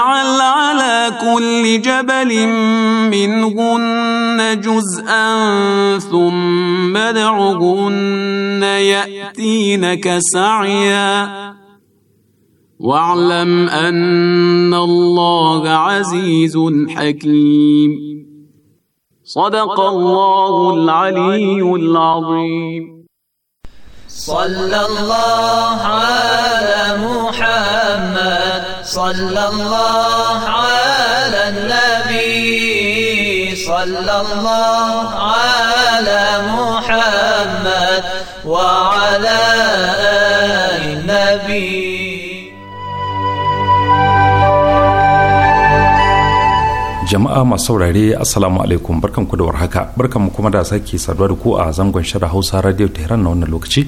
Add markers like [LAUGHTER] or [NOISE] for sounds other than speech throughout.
واجعل على كل جبل منهن جزءا ثم ادعهن يأتينك سعيا واعلم أن الله عزيز حكيم صدق الله العلي العظيم صلى الله على محمد صلى الله على النبي صلى الله على محمد وعلى jama'a masu saurare assalamu alaikum barkan ku da warhaka barkan mu kuma da sake saduwa da ku a zangon shirin hausa radio ta na wannan lokaci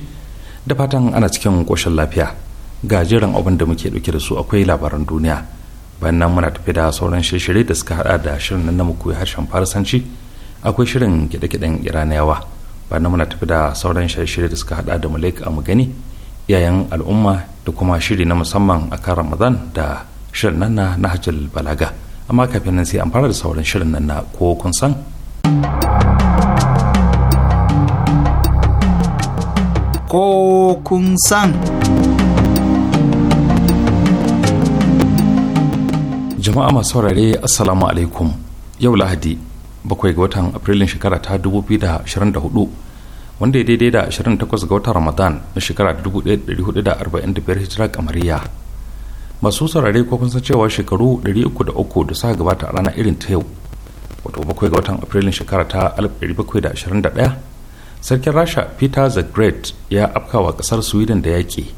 da fatan ana cikin koshin lafiya ga jiran abin da muke dauke da su akwai labaran duniya bayan nan muna tafi da sauran shirye-shirye da suka hada da shirin nan mu koyi harshen farsanci akwai shirin gida-gidan iraniyawa bayan nan muna tafi da sauran shirye-shirye da suka hada da malik gani iyayen al'umma da kuma shiri na musamman a kan ramadan da shirin nan na nahajul balaga amma kafin nan sai an fara da sauran shirin nan na ko kun san ko kun san jama'a masu saurare assalamu alaikum yau lahadi bakwai ga watan afrilun shekara ta 2024 wanda ya daidai da 28 ga watan ramadan na shekara 1445 hijira kamariya masu saurare ko kun san cewa shekaru 303 da suka gabata a rana irin ta yau wato bakwai ga watan afrilun shekara ta 1721 sarkin rasha peter the great ya afkawa kasar sweden da yaƙi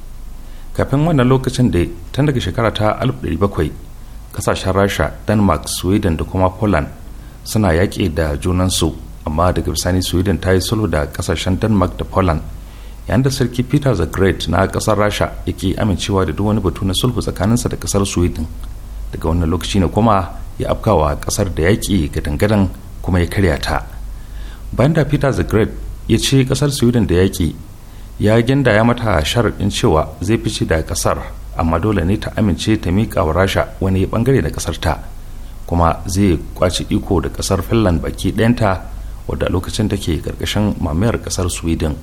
kafin wannan lokacin da tun daga shekara ta 1700 kasashen rasha denmark sweden da kuma poland suna yaƙi da junansu amma daga bisani sweden ta yi sulhu da kasashen denmark da poland yayin da sarki peter the great na ƙasar rasha yake amincewa da duk wani batu na sulhu tsakaninsa da ƙasar sweden daga wannan lokaci ne kuma ya afkawa ƙasar da yaƙi gadangadan kuma ya karya ta bayan da peter the great ya ce ƙasar sweden da yaƙi ya ginda ya mata sharaɗin cewa zai fice da ƙasar. amma dole ne ta amince ta miƙa wa rasha wani bangare da ƙasar ta kuma zai kwaci iko da ƙasar finland baki ɗayanta wadda lokacin take karkashin mamayar ƙasar sweden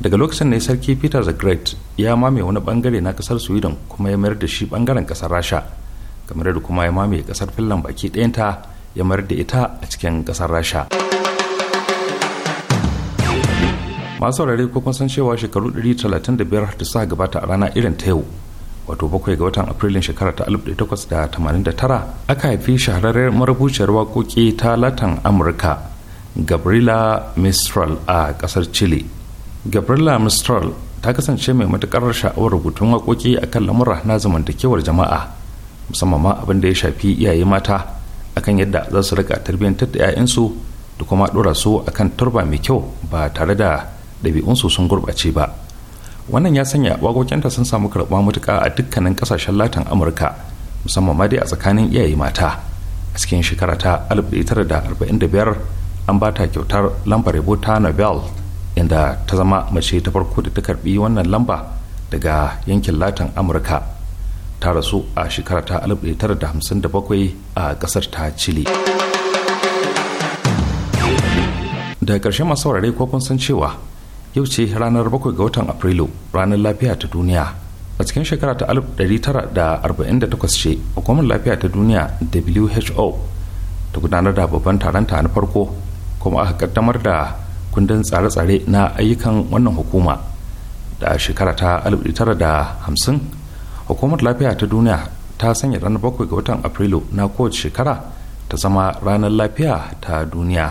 daga lokacin ne sarki peter the great ya mame wani bangare na ƙasar sweden kuma ya mayar da shi bangaren ƙasar rasha kamar da kuma ya mame ƙasar finland baki ɗayanta ya mayar da ita a cikin ƙasar rasha masu saurare ko kun san cewa shekaru 135 da suka gabata a rana irin ta yau wato bakwai ga watan afrilun shekara ta 1889 aka haifi shahararren marubuciyar waƙoƙi ta latin amurka gabriela mistral a ƙasar chile gabriela mistral ta kasance mai matuƙar sha'awar rubutun waƙoƙi a kan lamura na zamantakewar jama'a musamman ma abin da ya shafi iyaye mata akan yadda za su rika tarbiyyantar da 'ya'yansu da kuma ɗora su akan turba mai kyau ba tare da ɗabi'unsu sun gurɓace ba wannan ya sanya wagokenta sun samu karɓa matuƙa a dukkanin ƙasashen latin amurka musamman ma dai a tsakanin iyaye mata a cikin shekara ta 1945 an ba ta kyautar lambar yabo ta nobel inda ta zama mace ta farko da ta karɓi wannan lamba daga yankin latin amurka ta rasu a shekara ta 1957 a ƙasar ta chile da ƙarshen masu saurare ko san cewa yau ce ranar bakwai ga watan afrilu ranar lafiya ta duniya a cikin shekara ta 1948 ce hukumar lafiya ta duniya who ta gudanar da babban taron ta na farko kuma aka kaddamar da kundin tsare-tsare na ayyukan wannan hukuma da shekara ta 1950 hukumar lafiya ta duniya ta sanya ranar bakwai ga watan afrilu na kowace shekara ta zama ranar lafiya ta duniya.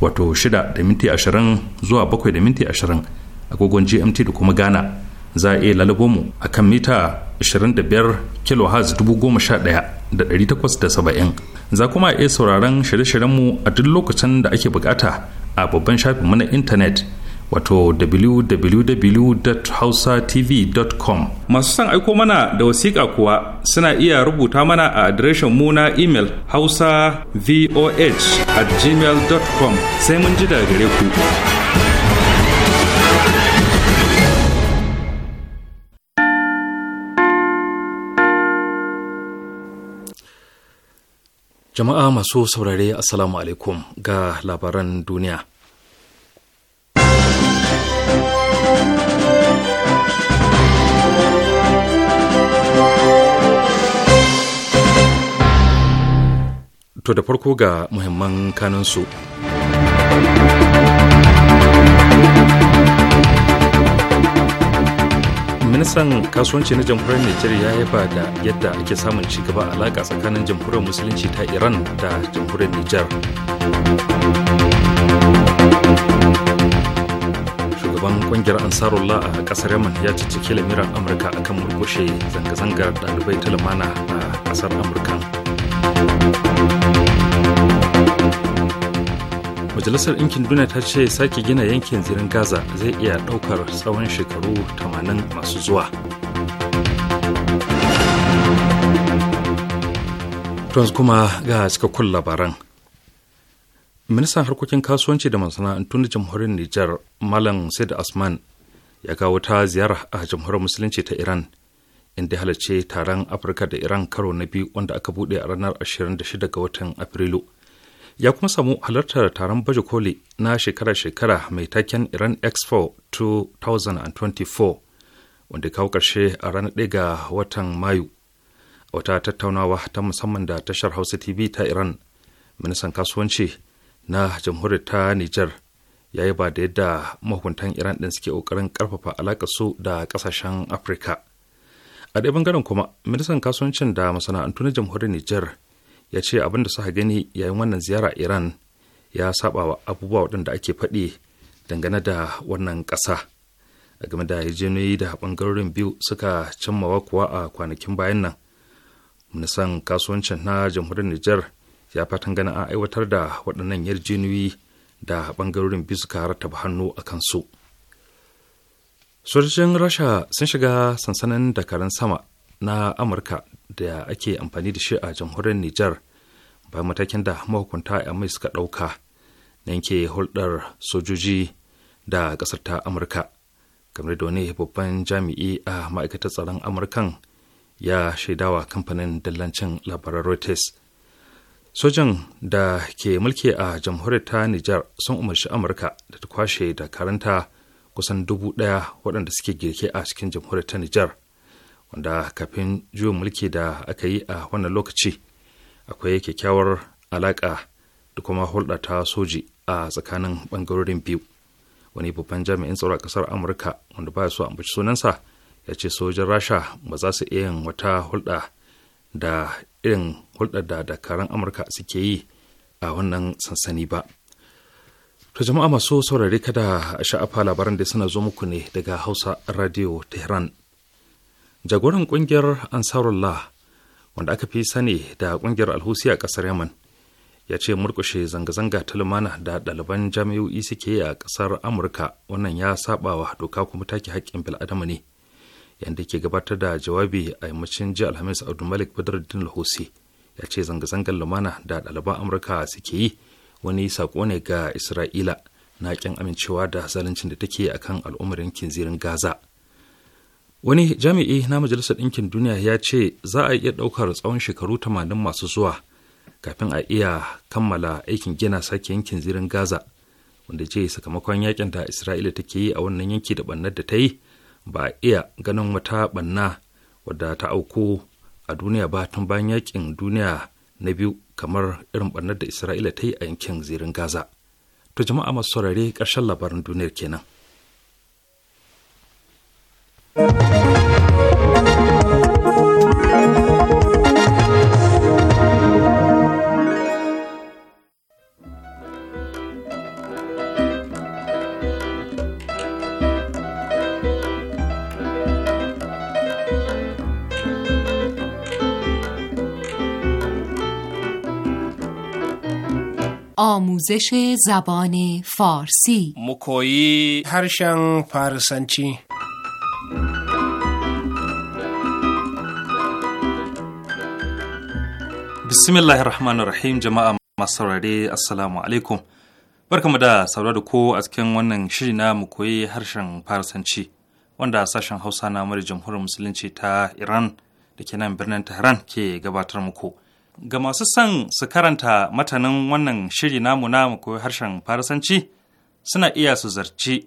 wato 6 da minti 20 zuwa 7 da minti 20 agogon gmt da kuma ghana za a iya lalabo mu a kan mita 25 kilohertz 11870 za kuma a iya sauraron shirye-shiryen mu a duk lokacin da ake bukata a babban shafinmu na intanet wato www.hausatv.com masu son aiko mana da wasiƙa kuwa suna iya rubuta mana a adireshin mu na imel hausa voh at gmail.com sai mun ji daga gare ku jama'a masu saurare assalamu alaikum ga labaran duniya To da farko ga muhimman kanunsu. Ministan kasuwanci na jamhuriyar Nijar ya yaba da yadda ake samun cigaba alaƙa tsakanin jamhuriyar musulunci ta Iran da jamhuriyar Nijar. Shugaban kungiyar Ansarullah a ƙasar Yaman ya cike lamiran Amurka akan murkushe zanga-zangar ɗalibai ta lumana a ƙasar Amurka. majalisar ɗinkin duniya ta ce sake gina yankin zirin gaza zai iya ɗaukar tsawon shekaru 80 masu zuwa tons kuma ga cikakkun labaran ministan harkokin kasuwanci da masana'antu na jamhuriyar nijar malam said asman ya kawo ta ziyara a jamhuriyar musulunci ta iran inda halarci taron afirka da iran karo na biyu wanda aka bude a ranar 26 ga watan afrilu ya kuma samu halartar taron baje koli na shekara-shekara mai taken iran expo 2024 wanda kawo karshe a ranar 1 ga watan mayu wata tattaunawa ta musamman da tashar hausa tv ta iran ministan kasuwanci na jamhuriyar ta niger ya yi ba da yadda mahukuntan iran ɗin suke ƙoƙarin ƙarfafa alaƙa su da ƙasashen afirka a ɗaya bangaren kuma ministan kasuwancin da masana'antu na jamhuriyar niger ya ce abin da suka gani yayin wannan ziyara iran ya saba wa abubuwa waɗanda ake faɗi dangane da wannan ƙasa a game da yarjejeniyoyi da ɓangarorin biyu suka cimmawa kuwa a kwanakin bayan nan ministan kasuwancin na jamhuriyar niger ya fatan ganin an aiwatar da waɗannan yarjejeniyoyi da ɓangarorin biyu suka rattaba hannu a kansu. su sojojin rasha sun shiga sansanin dakarun sama na amurka da ake amfani da shi a jamhuriyar nijar bayan matakin da mahukunta a mai suka ɗauka na yanke hulɗar sojoji da ƙasar ta amurka kamar da wani babban jami'i a ma'aikatar tsaron amurkan ya shaidawa kamfanin dallancin labaran reuters sojan da ke mulki a jamhuriyar ta nijar sun umarci amurka da ta kwashe dakaranta kusan dubu ɗaya waɗanda suke girke a cikin jamhuriyar ta Nijar wanda kafin juyin mulki da aka yi a wannan lokaci akwai kyakkyawar alaƙa da kuma hulɗa ta soji a tsakanin ɓangarorin biyu wani babban jami'in tsaro a ƙasar amurka wanda ba so ambaci sunansa ya ce sojin rasha ba za su iya yin wata hulɗa da irin hulɗar da dakarun amurka suke yi a wannan sansani ba To jama'a masu saurari kada a sha'afa labaran da suna zo muku ne daga Hausa Radio Tehran. Jagoran kungiyar Ansarullah wanda aka fi sani da kungiyar Alhusi a kasar Yaman ya ce murkushe zanga-zanga ta lumana da ɗaliban jami'o'i suke a kasar Amurka wannan ya sabawa doka kuma take haƙƙin bil'adama ne yanda ke gabatar da jawabi a yammacin jiya Alhamis Abdulmalik Badruddin Alhusi ya ce zanga-zangar lumana da ɗaliban Amurka suke yi wani saƙo ne ga isra'ila na ƙin amincewa da zaluncin da take a kan al'ummar yankin zirin gaza wani jami'i na majalisar ɗinkin duniya ya ce za a iya ɗaukar tsawon shekaru 80 masu zuwa kafin a iya kammala aikin gina sake yankin zirin gaza wanda ce sakamakon yakin da isra'ila take yi a wannan yanki da ɓannar da ta yi ba a iya ganin wata ɓanna wadda ta auku a duniya ba tun bayan yakin duniya na biyu kamar irin barnar da isra'ila ta yi a yankin zirin gaza to jama'a masu saurare ƙarshen labaran duniyar kenan. آموزش زبان فارسی مکویی هرشن فارسنچی بسم الله الرحمن الرحیم جماعه masu assalamu alaikum barkamu da saurari ko a cikin wannan shiri na mu koyi harshen farasanci wanda sashen hausa na mara jamhuriyar musulunci ta iran da ke nan birnin tehran ke gabatar muku Ga masu son su karanta matanin wannan shiri namu na koyi harshen Farisanci suna iya su zarci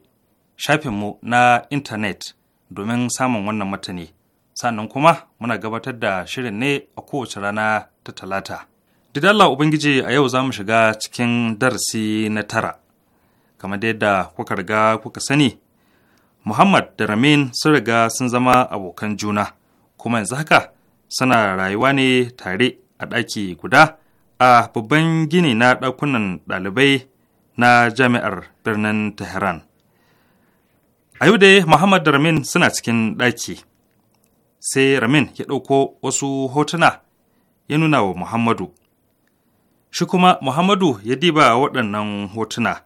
shafinmu na intanet domin samun wannan matani. Sannan kuma muna gabatar da shirin ne a kowace rana ta talata. Didalla Ubangiji a yau za mu shiga cikin darasi na tara. Kamar yadda kuka riga kuka sani, Muhammad da Ramin sun riga sun zama abokan juna, kuma yanzu haka suna rayuwa ne tare a ɗaki guda a babban gini na ɗakunan ɗalibai na jami'ar birnin Tehran. A yau dai Muhammad da Ramin suna cikin ɗaki. Sai Ramin ya ɗauko wasu hotuna ya nuna wa Muhammadu. Shi kuma Muhammadu ya diba waɗannan hotuna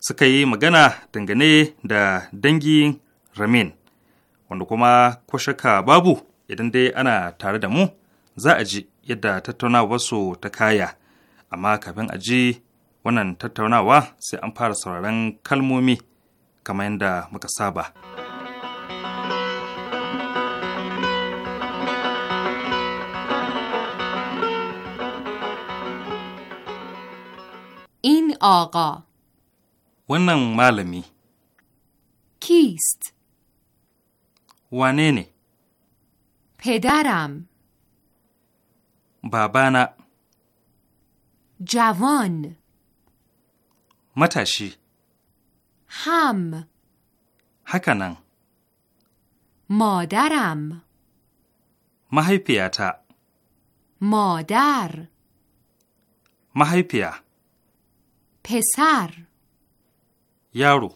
suka yi magana dangane da dangin Ramin, wanda kuma ko babu idan dai ana tare da mu za a ji yadda tattaunawa su ta kaya amma kafin a ji wannan tattaunawa sai an fara sauraron kalmomi kamar yadda muka saba. in aga wannan malami kist wane ne? pedaram babana javon matashi ham hakanan madaram mahaifiyata madar mahaifiya pesar yaro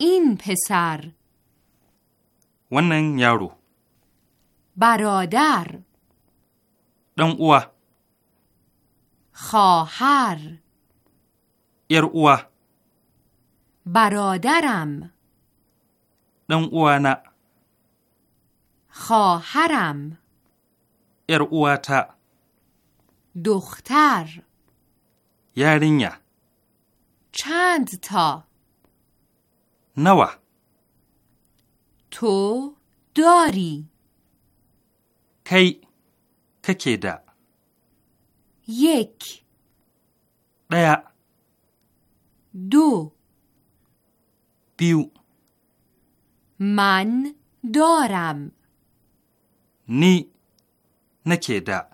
in pesar wannan yaro Barodar. دن اوا خواهر یر اوا برادرم دن اوا خواهرم یر اوا تا دختر یارینیا چند تا نوا تو داری کی kake da? Yek. Ɗaya. Do. Biyu. Man doram. Ni nake da.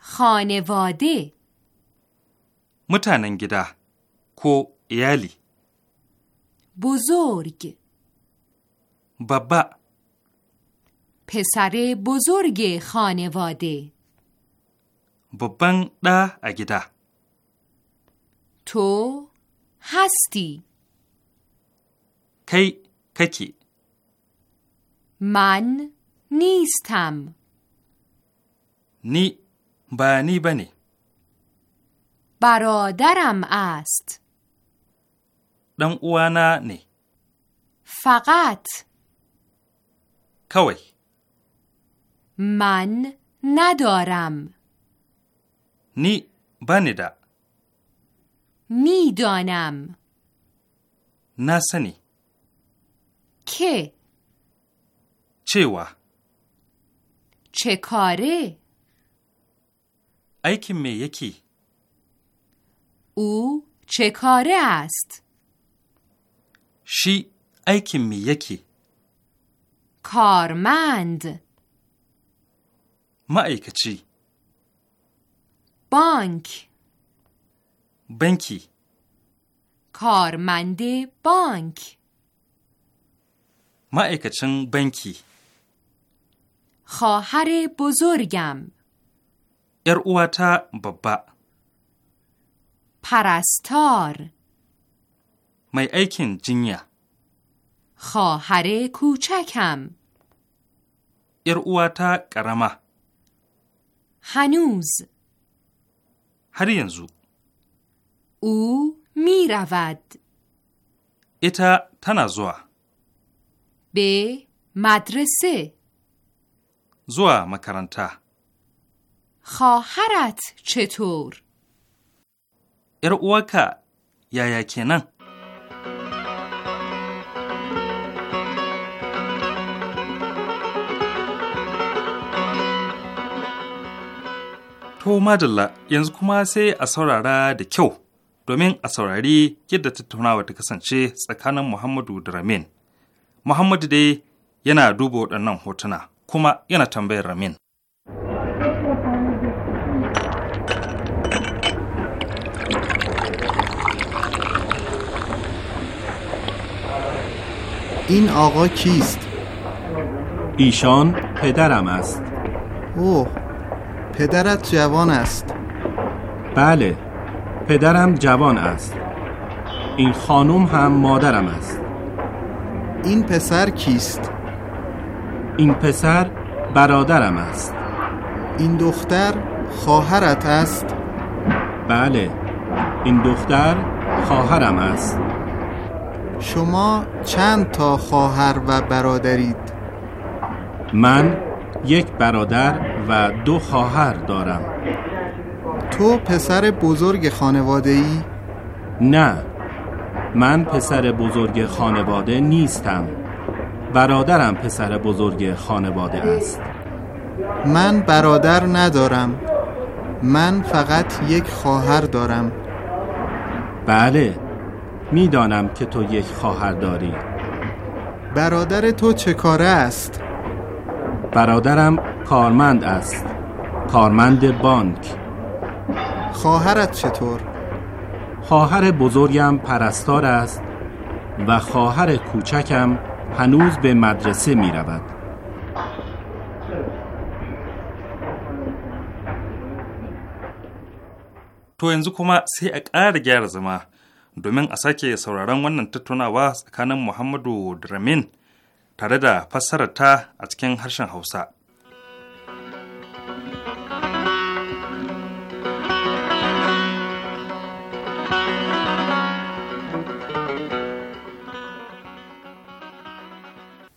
Khanevade. Mutanen gida ko iyali. Buzorg. Babba. پسر بزرگ خانواده ببن ده اگیده تو هستی کی ککی من نیستم نی بانی بانی برادرم است دم اوانا نی فقط کوی من ندارم نی بانیدا میدانم نسنی که و چه کاره که می یکی او چه کاره است شی که می یکی کارمند معیکچی بانک بنکی کارمند بانک معیکچی بنکی خواهر بزرگم یرئواتا ببا پرستار می جنیا جینیا خواهر کوچکم یرواتا کرمه هنوز هر ینزو او می رود ایتا تنازوا به مدرسه زوا مکرانتا خواهرت چطور؟ ارواکا یا یا کنن To madalla yanzu kuma sai a saurara da kyau domin a saurari yadda tattaunawa ta kasance tsakanin Muhammadu da Ramin. Muhammadu dai yana duba waɗannan hotuna kuma yana tambayar Ramin. این آقا کیست؟ ایشان پدرم است. اوه پدرت جوان است بله پدرم جوان است این خانم هم مادرم است این پسر کیست؟ این پسر برادرم است این دختر خواهرت است؟ بله این دختر خواهرم است شما چند تا خواهر و برادرید؟ من یک برادر و دو خواهر دارم تو پسر بزرگ خانواده ای؟ نه من پسر بزرگ خانواده نیستم برادرم پسر بزرگ خانواده است من برادر ندارم من فقط یک خواهر دارم بله میدانم که تو یک خواهر داری برادر تو چه کاره است؟ برادرم کارمند است کارمند بانک خواهرت چطور؟ خواهر بزرگم پرستار است و خواهر کوچکم هنوز به مدرسه می رود. تو انزو کما سی اقار زما، ما دومین اصاکی سوراران ونن تتونا واس محمدو درمین tare da fassarar ta a cikin harshen Hausa.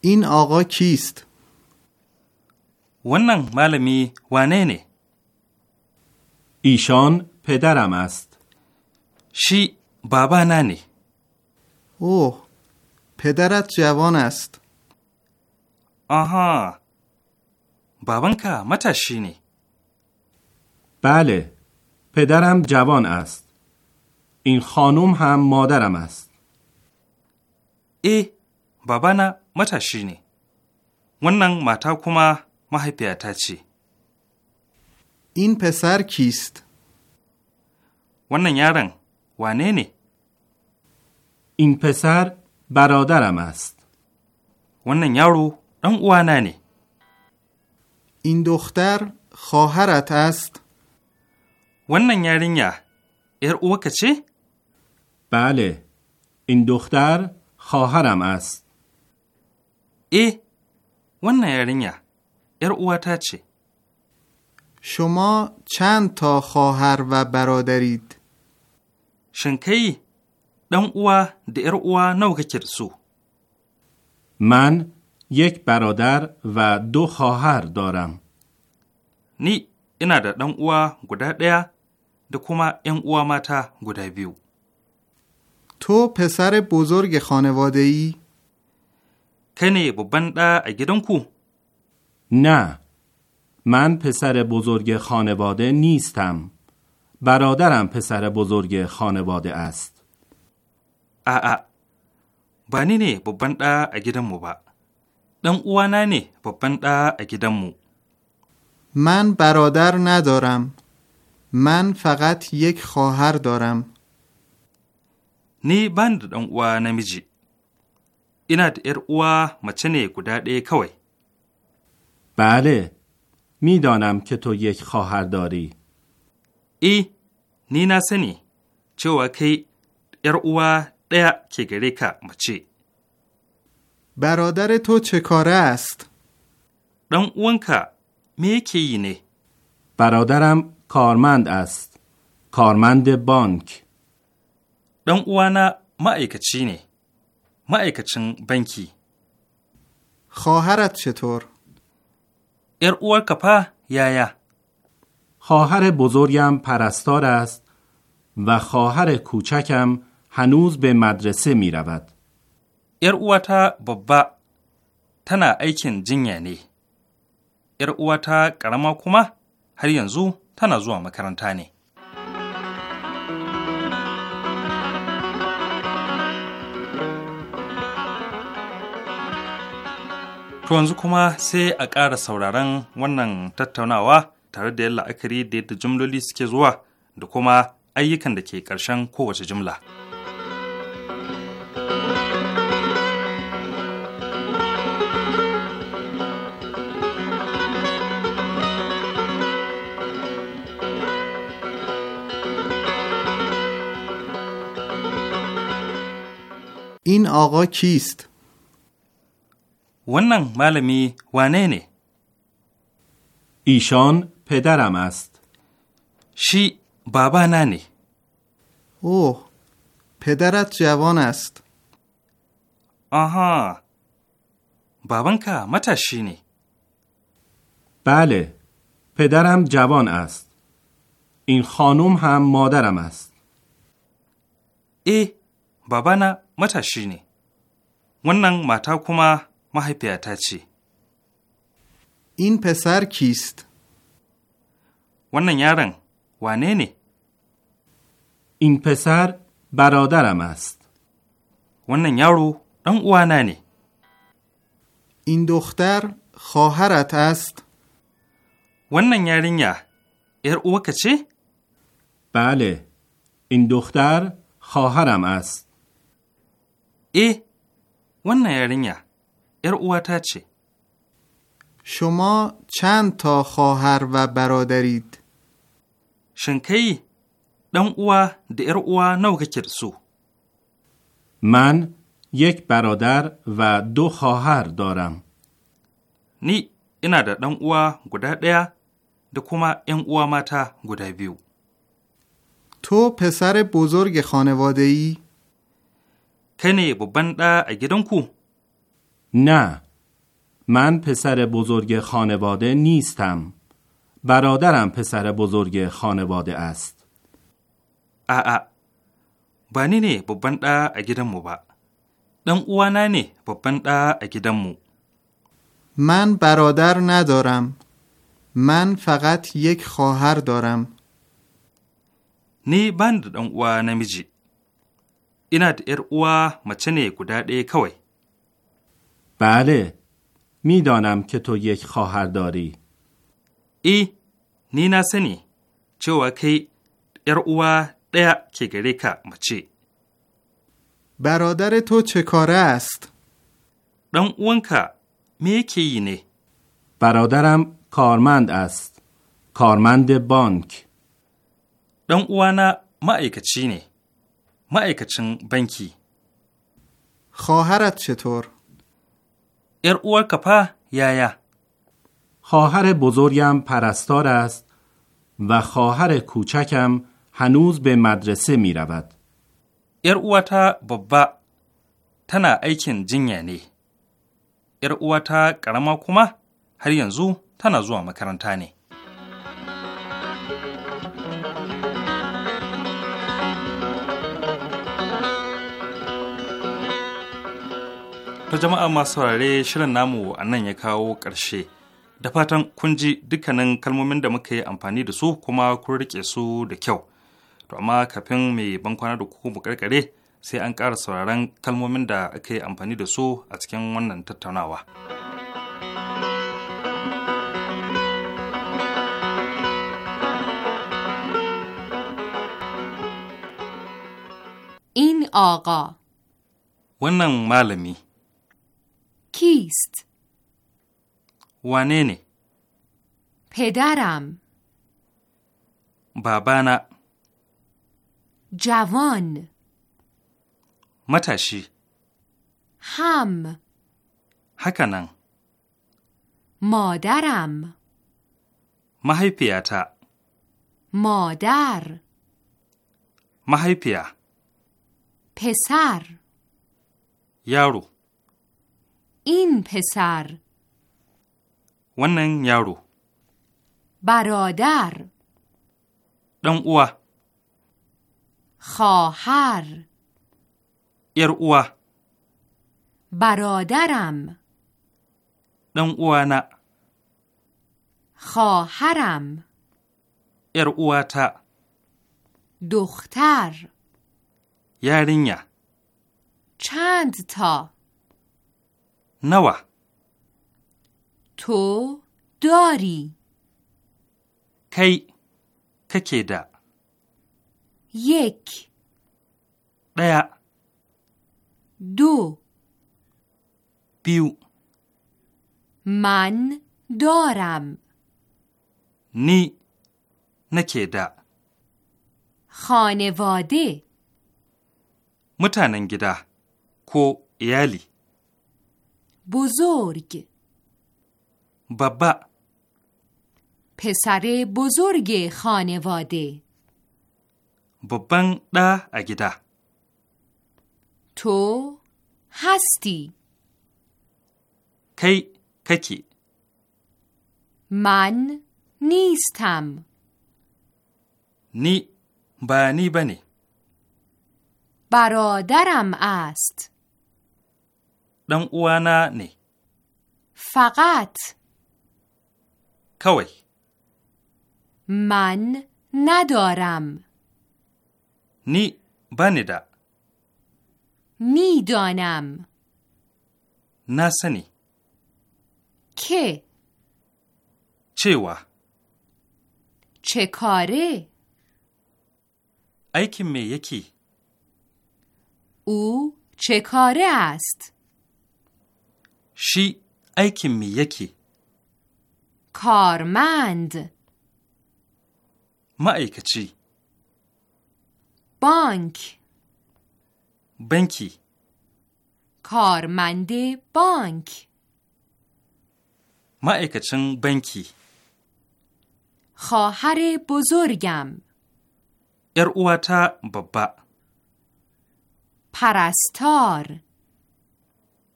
In aga kist. Wannan malami wane ne? Ishan pedaram ast. Shi babana ne. Oh, pedarat jawan آها بابانکه متشی نی بله پدرم جوان است این خانم هم مادرم است ای بابانا متشی نی wannan mata kuma mahaifiyata چی؟ این پسر کیست؟ ونن یارن؟ wane این پسر برادرم است. ونن یارو. ام وانانی این دختر خواهرت است ونن یارینیا ار اوکه چه بله این دختر خواهرم است ای ونن یارینیا ار اواتا شما چند تا خواهر و برادرید شنکی دم اوا دیر او نو من یک برادر و دو خواهر دارم. نی اینا دا دان اوا گودا دیا دا کما این اوا ماتا گودا بیو. تو پسر بزرگ خانواده ای؟ کنه ا گیدنکو اگدن کو؟ نه من پسر بزرگ خانواده نیستم. برادرم پسر بزرگ خانواده است. آ آ نی نه بند دا مو با. dan uwana ne babban ɗa a gidanmu. Man barodar na daram, man faqat yek khohar daram. Ni ban ɗan uwa namiji, ina da ‘yar uwa mace ne guda ɗaya kawai. Bale, mi donam ke yek khohar dari. I, ni na sani cewa kai ‘yar uwa ɗaya ke gare ka mace. برادر تو چه کار است؟ دان اونکا می نه برادرم کارمند است کارمند بانک دان اوانا ma'aikaci ne, ma'aikacin بانکی. خواهرت چطور؟ ار اوار کپا یا. خواهر بزرگم پرستار است و خواهر کوچکم هنوز به مدرسه می رود. ‘Yar uwata babba tana aikin jinya ne, ‘yar uwata ƙarama kuma har yanzu tana zuwa makaranta ne. To yanzu kuma sai a ƙara sauraron wannan tattaunawa tare da yalla la'akari da yadda jumloli suke zuwa da kuma ayyukan da ke ƙarshen kowace jumla. این آقا کیست؟ ونن معلمی وانه ایشان پدرم است. شی بابا ننی. اوه پدرت جوان است. آها بابن متشی نه؟ بله پدرم جوان است. این خانم هم مادرم است. ای babana matashi ne, wannan mata kuma mahaifiyata ce. In pesar kist. wannan yaron wane ne? In pesar برادرم mast. wannan yaro ɗan uwana ne. In دختر khoharat ast. wannan yarinya ‘yar uwaka ce? Bale, in دختر khoharam ast. E, wannan yarinya, ‘yar uwata ce. Shuma can ta khohar wa Shin kai, ɗan uwa da ‘yar uwa nawa kake da su? Man, yake barodar wa do khohar daram. Ni, ina da ɗan uwa guda ɗaya da kuma ‘yan uwa mata guda biyu. To, pesare bozorge khanewade yi? که نه ببن دا اگیدن کو؟ نه من پسر بزرگ خانواده نیستم برادرم پسر بزرگ خانواده است آ آ با نی نه ببن دا اگیدن مو با دن اوانا نه ببن دا اگیدن مو من برادر ندارم من فقط یک خواهر دارم نی بند دن وانه میجی اینا د ار اوا مچه گودا ده کوی بله میدانم که تو یک خواهر داری ای نی نسنی چو کی ار ده که گری که مچه برادر تو چه کاره است؟ دان اونکا می کی نه برادرم کارمند است کارمند بانک دان اوانا ma'aikaci ma'aikacin banki. خواهرت چطور؟ ار کپا یا خواهر بزرگم پرستار است و خواهر کوچکم هنوز به مدرسه می رود. ار اوتا بابا تنا ایکن جنیا نی. ار اوتا کرما کما هر ینزو تنا زوا مکرانتا ta jama'a masu saurare shirin namu a nan ya kawo ƙarshe. Da fatan kun ji dukkanin kalmomin da muka yi amfani da su kuma kun rike su da kyau. To amma kafin mai bankwana da kuku mu karkare sai an ƙara sauraron kalmomin da aka yi amfani da su a cikin wannan tattaunawa. inoga. aga. wannan malami کیست؟ وانینه پدرم بابانا جوان متشی هم حکنن مادرم مهیپیتا مادر مهیپیا پسر یارو این پسر ونن یارو برادر دن اوا خواهر یر اوا برادرم دن اوانا خواهرم یر اواتا دختر یارینیا چند تا نوا تو داری کی ککی دا یک دیا دو بیو من دارم نی نکی دا خانواده متانن گدا کو ایالی بزرگ بابا پسر بزرگ خانواده بابن دا اگیدا تو هستی کی ککی من نیستم نی بانی بنی برادرم است دان اوانا نه فقط کوی من ندارم نی بنده میدانم نسنی که چیوا چه کاره که می یکی او چه کاره است شی ایکن می یکی کارمند ما چی؟ بانک بنکی کارمند بانک ما چن بنکی خواهر بزرگم ار ببا پرستار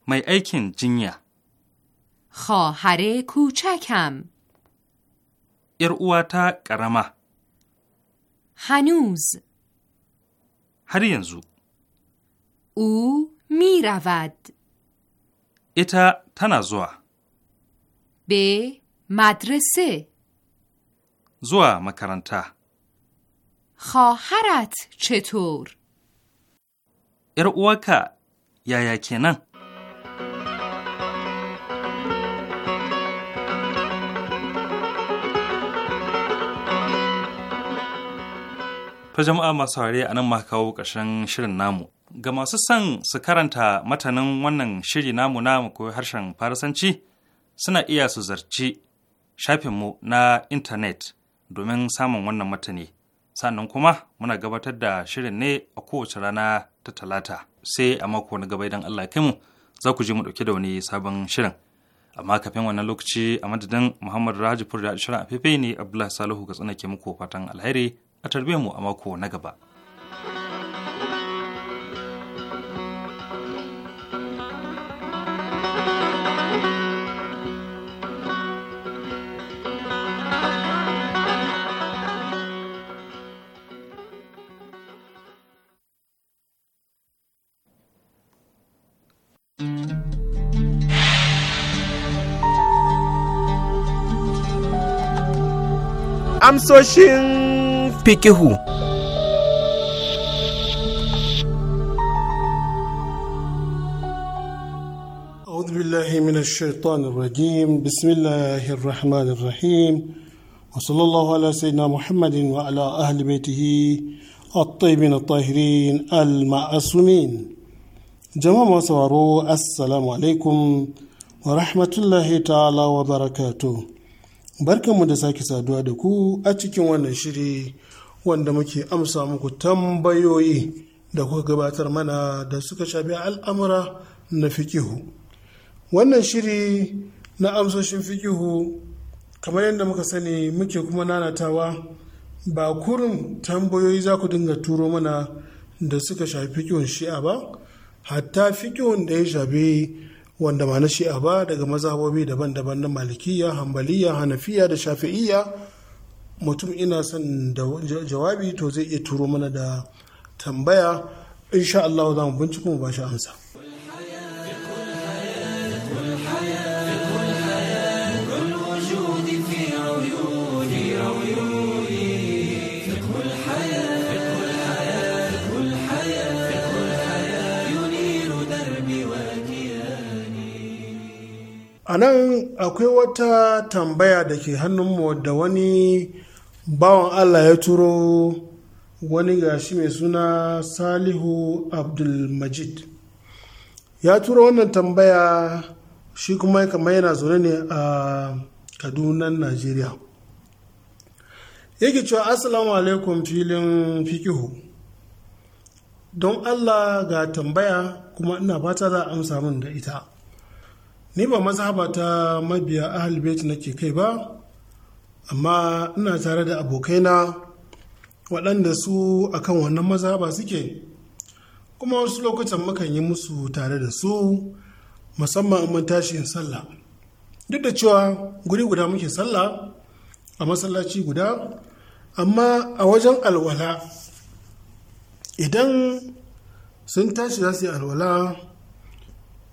می ایکن جنیا خواهر کوچکم ارعواتا کرما هنوز هر ینزو او می رود ایتا تنازوا به مدرسه زوا مکرانتا خواهرت چطور؟ ارعواکا یا یا ta jama'a masu haure a nan ma kawo ƙarshen shirin namu ga masu son su karanta matanin wannan shiri namu na koyi harshen farasanci suna iya su zarci shafinmu na intanet domin samun wannan matani sannan kuma muna gabatar da shirin ne a kowace rana ta talata sai a mako na gaba idan allah kai mu za ku ji mu ɗauki da wani sabon shirin amma kafin wannan lokaci a madadin muhammad rajifur da shirin a ne abdullahi salihu ga tsanake muku fatan alheri a tarbe mu a mako na gaba. amsoshin Fikihu أعوذ بالله من الشيطان الرجيم بسم الله الرحمن الرحيم وصلى الله على سيدنا محمد وعلى أهل بيته الطيبين الطاهرين المعصومين جماعة سوارو السلام عليكم ورحمة الله تعالى وبركاته barkanmu da sake saduwa da ku a cikin wannan shiri wanda muke amsa muku tambayoyi da kuka gabatar mana da suka shafi al'amura na fikihu wannan shiri na amsoshin fikihu kamar yadda muka sani muke kuma nanatawa ba kurin tambayoyi za ku dinga turo mana da suka shafi fikihun shi'a ba hatta fikihun da ya shafi wanda ma na shi'a ba daga mazhabobi daban-daban na malikiya hambaliya hanafiya da shafi'iyya mutum ina son jawabi to zai iya turo mana da tambaya insha Allah za mu binciko mu ba shi amsa a nan akwai wata tambaya da ke hannunmu da wani bawan allah ya turo wani gashi mai suna salihu abdulmajid ya turo wannan tambaya shi kuma kamar yana zaune ne a kadunan najeriya yake cewa assalamu alaikum filin fikihu don allah ga tambaya kuma ina fata za a amsa min da ita ni ba mazhaba ta mabiya ahal bait nake kai ba amma ina tare da abokaina waɗanda su akan wannan mazhaba suke kuma wasu lokutan mukan yi musu tare da su musamman mun tashi yin sallah duk da cewa guri guda muke sallah a masallaci guda amma a wajen alwala idan sun tashi za su yi alwala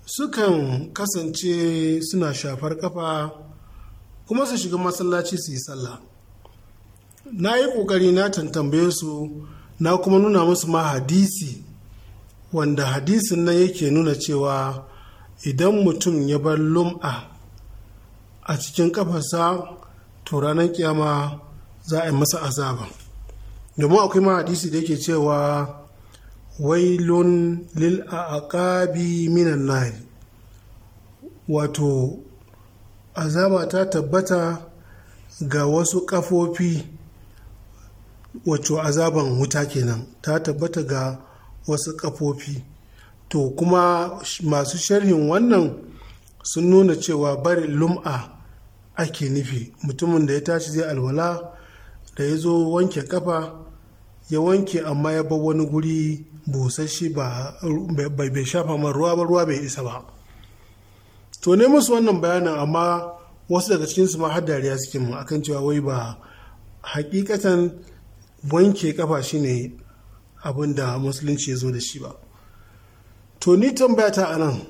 sukan kasance suna shafar kafa kuma su shiga masallaci su yi sallah na yi ƙoƙari na tantambaye su na kuma nuna musu ma hadisi wanda hadisin nan yake nuna cewa idan mutum ya bar lum'a a cikin kafarsa to ranar kiyama za a yi masa azaba domin akwai ma hadisi da yake cewa wailun lil aqabi minan nari wato azaba ta tabbata ga wasu kafofi wato azaban wuta kenan ta tabbata ga wasu kafofi to kuma masu sharhin wannan sun nuna cewa bari lum'a ake nufi mutumin da ya tashi zai alwala da ya zo wanke kafa ya wanke amma ya bar wani guri busasshe ba bai shafa man ruwa ba ruwa bai isa ba to ne musu wannan bayanin amma wasu daga cikinsu ma har dariya suke mu akan cewa wai ba hakikatan wanke kafa shine abin da musulunci ya zo da shi ba to ni tambaya ta anan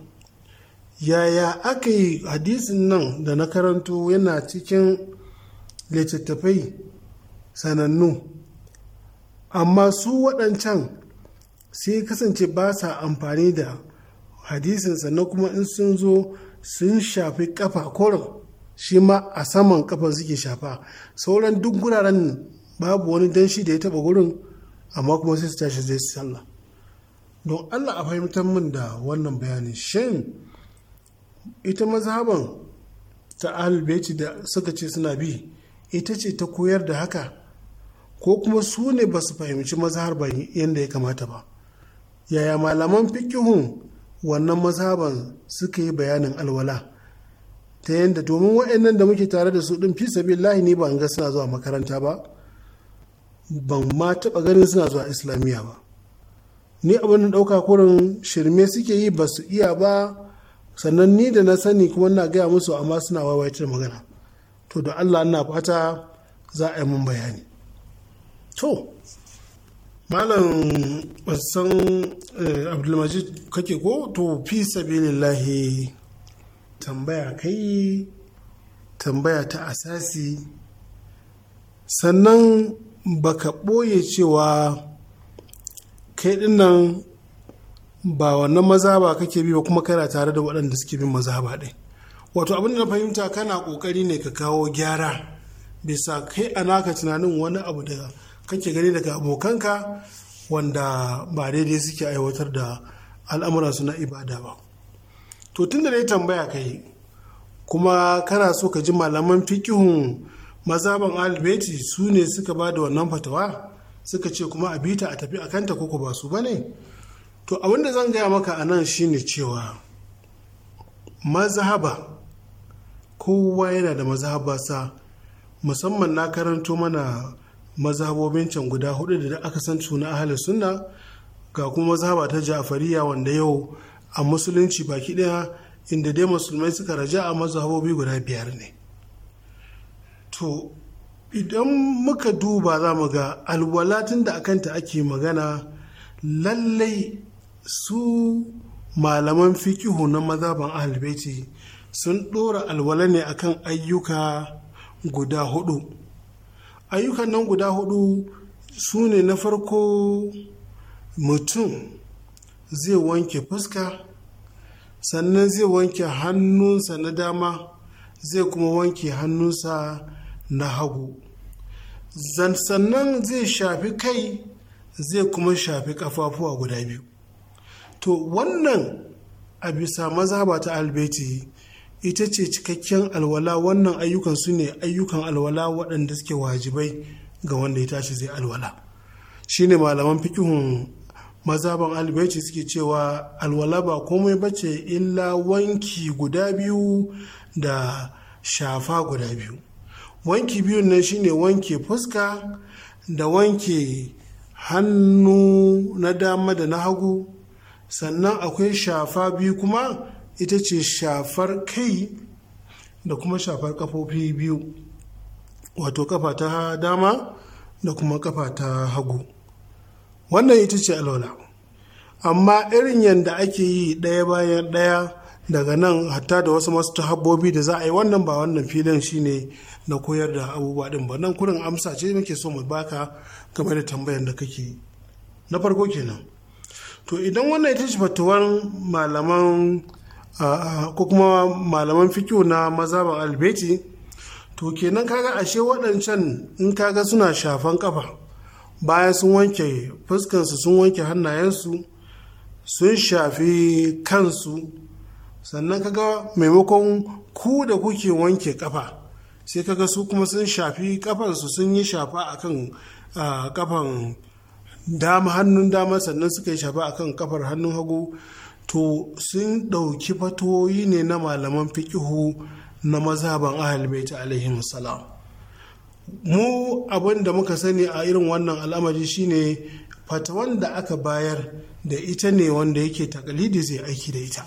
yaya aka yi hadisin nan da na karanto yana cikin littattafai sanannu amma su waɗancan sai kasance ba sa amfani da hadisin sannan kuma in sun zo sun shafi kafa koren shi ma a saman kafa suke shafa sauran duk guraren babu wani danshi da ya taba gurin amma kuma sai su tashi zai sallah don allah a fahimtar min da wannan bayanin shin ita mazhaban ta albeci da suka ce suna bi ita ce ta koyar da haka ko kuma su ne ba su fahimci mazhar ba yadda ya kamata ba yaya malaman fikihun wannan mazhaban suka yi bayanin alwala ta yadda domin wa'annan da muke tare da su ɗin fi sabillahi ni ban ga suna zuwa makaranta ba ban ma taɓa ganin suna zuwa islamiyya ba ni abin da ɗauka kurin shirme suke yi ba su iya ba sannan ni da na sani kuma na gaya musu amma suna wawaitar magana to da allah na fata za a yi mun bayani to malam basan eh, abdulmajid kake ko to fi sabilillahi tambaya kai tambaya ta asasi sannan baka ɓoye cewa kai dinnan ba wannan maza ba kake bi ba kuma kana tare da waɗanda suke bin maza ba ɗin wato abin da na fahimta kana ƙoƙari ne ka kawo gyara bisa kai a naka tunanin wani abu da kake gani daga abokanka wanda ba daidai suke aiwatar da al'amuransu na ibada ba to tun da na tambaya kai kuma kana so ka ji malaman fikihun mazaban albeti su ne suka ba da wannan fatawa suka ce kuma a bita a tafi a kanta koko ba su ba ne to abinda zan gaya maka a nan shine cewa mazhaba kowa yana da mazahabasa, musamman na karanto mana mazhabobin can guda hudu da aka san suna ahalin sunna ga kuma mazhaba ta ja'fariya wanda yau a musulunci baki daya inda dai musulmai suka raja a mazhabobi guda biyar ne to idan muka duba za mu ga alwalatin da akanta ake magana lallai su malaman fikihu na mazhaban ahalbeti sun ɗora alwala ne akan ayyuka guda hudu ayyukan nan guda hudu su ne na farko mutum zai wanke fuska sannan zai wanke hannunsa na dama zai kuma wanke hannunsa na hagu sannan zai shafi kai zai kuma shafi kafafuwa guda biyu to wannan a bisa maza ba ta albeti ita ce cikakken alwala wannan ayyukan su ne ayyukan alwala waɗanda suke wajibai ga wanda ya tashi zai alwala Shi ne malaman fikihun mazaban albaici suke cewa alwala ba komai bace illa wanki guda biyu da shafa guda biyu wanki biyun nan shi ne wanke fuska da wanke hannu na dama da na hagu sannan akwai shafa biyu kuma ita ce shafar kai da kuma shafar kafofi biyu wato kafa ta dama da kuma kafa ta hagu wannan ita ce alwala amma irin yadda ake yi ɗaya bayan ɗaya daga nan hatta da wasu masu tahabbobi da za a yi wannan ba wannan filin shine na koyar da abubuwa ɗin ba nan kurin amsa ce muke so mu baka game da tambayar da kake na farko kenan to idan wannan ita ce fatuwar malaman ko kuma malaman fikiyo na mazaban albeti to kenan kaga ashe waɗancan in kaga suna shafan kafa bayan sun wanke fuskansu sun wanke hannayensu sun shafi kansu sannan kaga maimakon ku da kuke wanke kafa sai kaga su kuma sun shafi kafansu sun yi shafa kan kafan dama hannun dama sannan suka yi shafa a kan kafar hannun hagu to sun ɗauki fatoyi ne na malaman fikihu na mazhaban ahalbaita alaihim salam mu abin da muka sani a irin wannan al'amari shine fatawan da aka bayar da ita ne wanda yake takalidi zai aiki da ita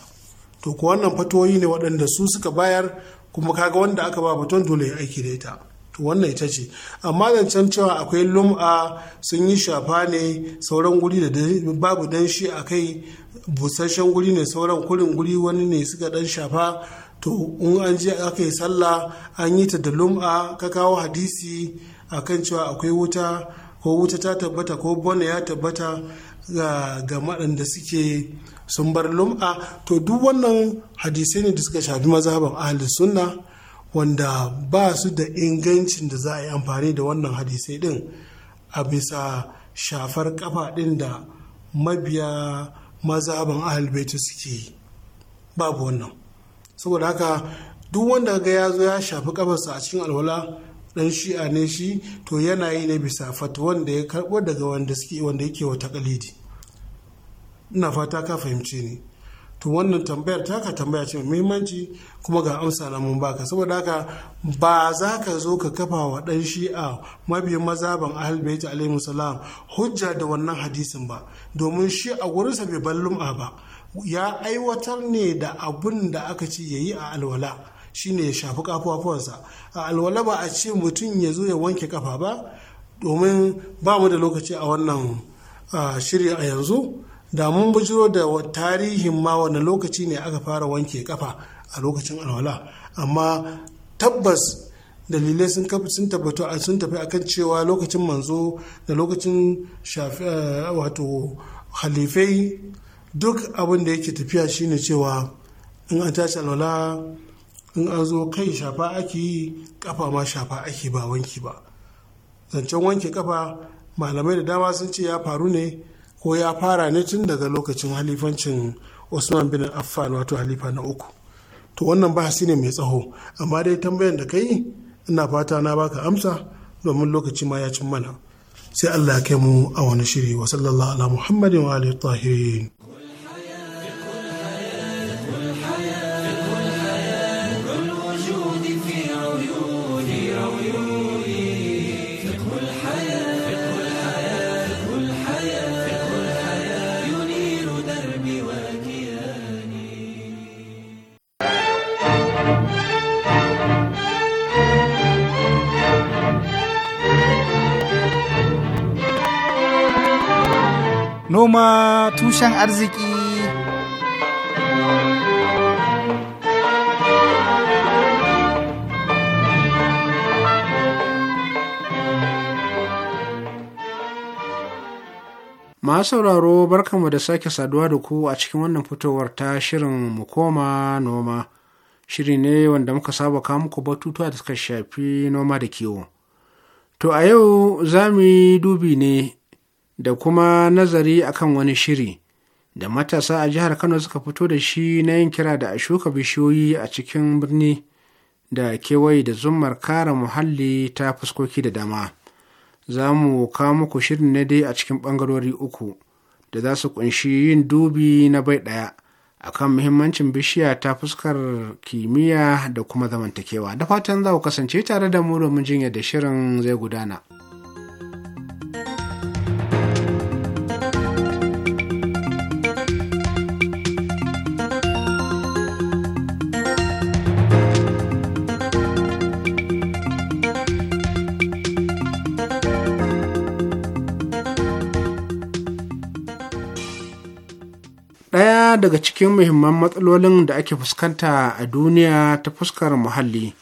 to ku wannan fatoyi ne waɗanda su suka bayar kuma kaga wanda aka ba baton dole ya aiki da ita to wannan ita ce amma zancen cewa akwai lum'a sun yi shafa ne sauran guri da babu danshi a kai busasshen guri ne sauran kurin guri wani ne suka dan shafa to in an je aka yi sallah an yi ta da lum'a ka kawo hadisi a kan cewa akwai wuta ko wuta ta tabbata ko bone ya tabbata ga ga waɗanda suke sun bar lum'a to duk wannan hadisai ne da suka shafi mazhaban ahli sunna wanda ba su da ingancin da za a yi amfani da wannan hadisai din a bisa shafar kafa din da mabiya mazhaban ahal baiti suke yi babu wannan saboda haka duk wanda ga ya zo ya shafi kafarsa a cikin alwala dan shi'a ne shi to yana yi ne bisa fata wanda ya karbo daga wanda suke wanda yake wata kalidi ina fata ka fahimce ni to wannan tambayar ta ka tambaya ce muhimmanci kuma ga amsa na mun baka saboda haka ba za ka zo ka kafa wa dan shi'a mabiyin mazaban ahal baiti alaihi salam hujja da wannan hadisin ba domin shi a gurinsa bai lum'a ba ya aiwatar ne da abun da aka ce yayi a alwala shine ya shafi kafafuwansa a alwala ba a ce mutum ya zo ya wanke kafa ba domin ba mu da lokaci a wannan shirya a yanzu da mun bujiro da tarihin ma wani lokaci ne aka fara wanke kafa a lokacin alwala amma tabbas dalilai sun sun tabbatu a sun tafi akan cewa lokacin manzo da lokacin eh, wato halifai duk abin da yake tafiya shine cewa in an tashi alwala in an zo kai shafa ake yi kafa ma shafa ake ba wanki ba zancen wanke kafa malamai da dama sun ce ya faru ne ko ya fara ne tun daga lokacin halifancin Usman bin Affan wato halifa na uku to wannan ba shi ne mai tsaho amma dai tambayar da kai ina fata na baka amsa domin lokaci ma ya cin mana sai Allah ya kai mu a wani shiri wa ala muhammadin wa alihi Noma tushen arziki. Ma sauraro barkanmu da sake saduwa da ku a cikin wannan fitowar ta shirin mu koma noma. Shiri ne wanda muka saba kawo muku batutuwa da suka shafi noma da kiwo. To a yau za mu yi dubi ne da kuma nazari akan wani shiri da matasa a jihar Kano suka fito da shi na yin kira da a shuka bishiyoyi a cikin birni da kewaye da zumar kare muhalli ta fuskoki da dama. Za mu kawo muku shirin na dai a cikin ɓangarori uku da za su kunshi yin dubi na bai ɗaya akan muhimmancin bishiya ta fuskar kimiyya da kuma zamantakewa. Da fatan za ku kasance tare da mu domin jin yadda shirin zai gudana. ɗaya daga cikin muhimman matsalolin da ake fuskanta a duniya ta fuskar muhalli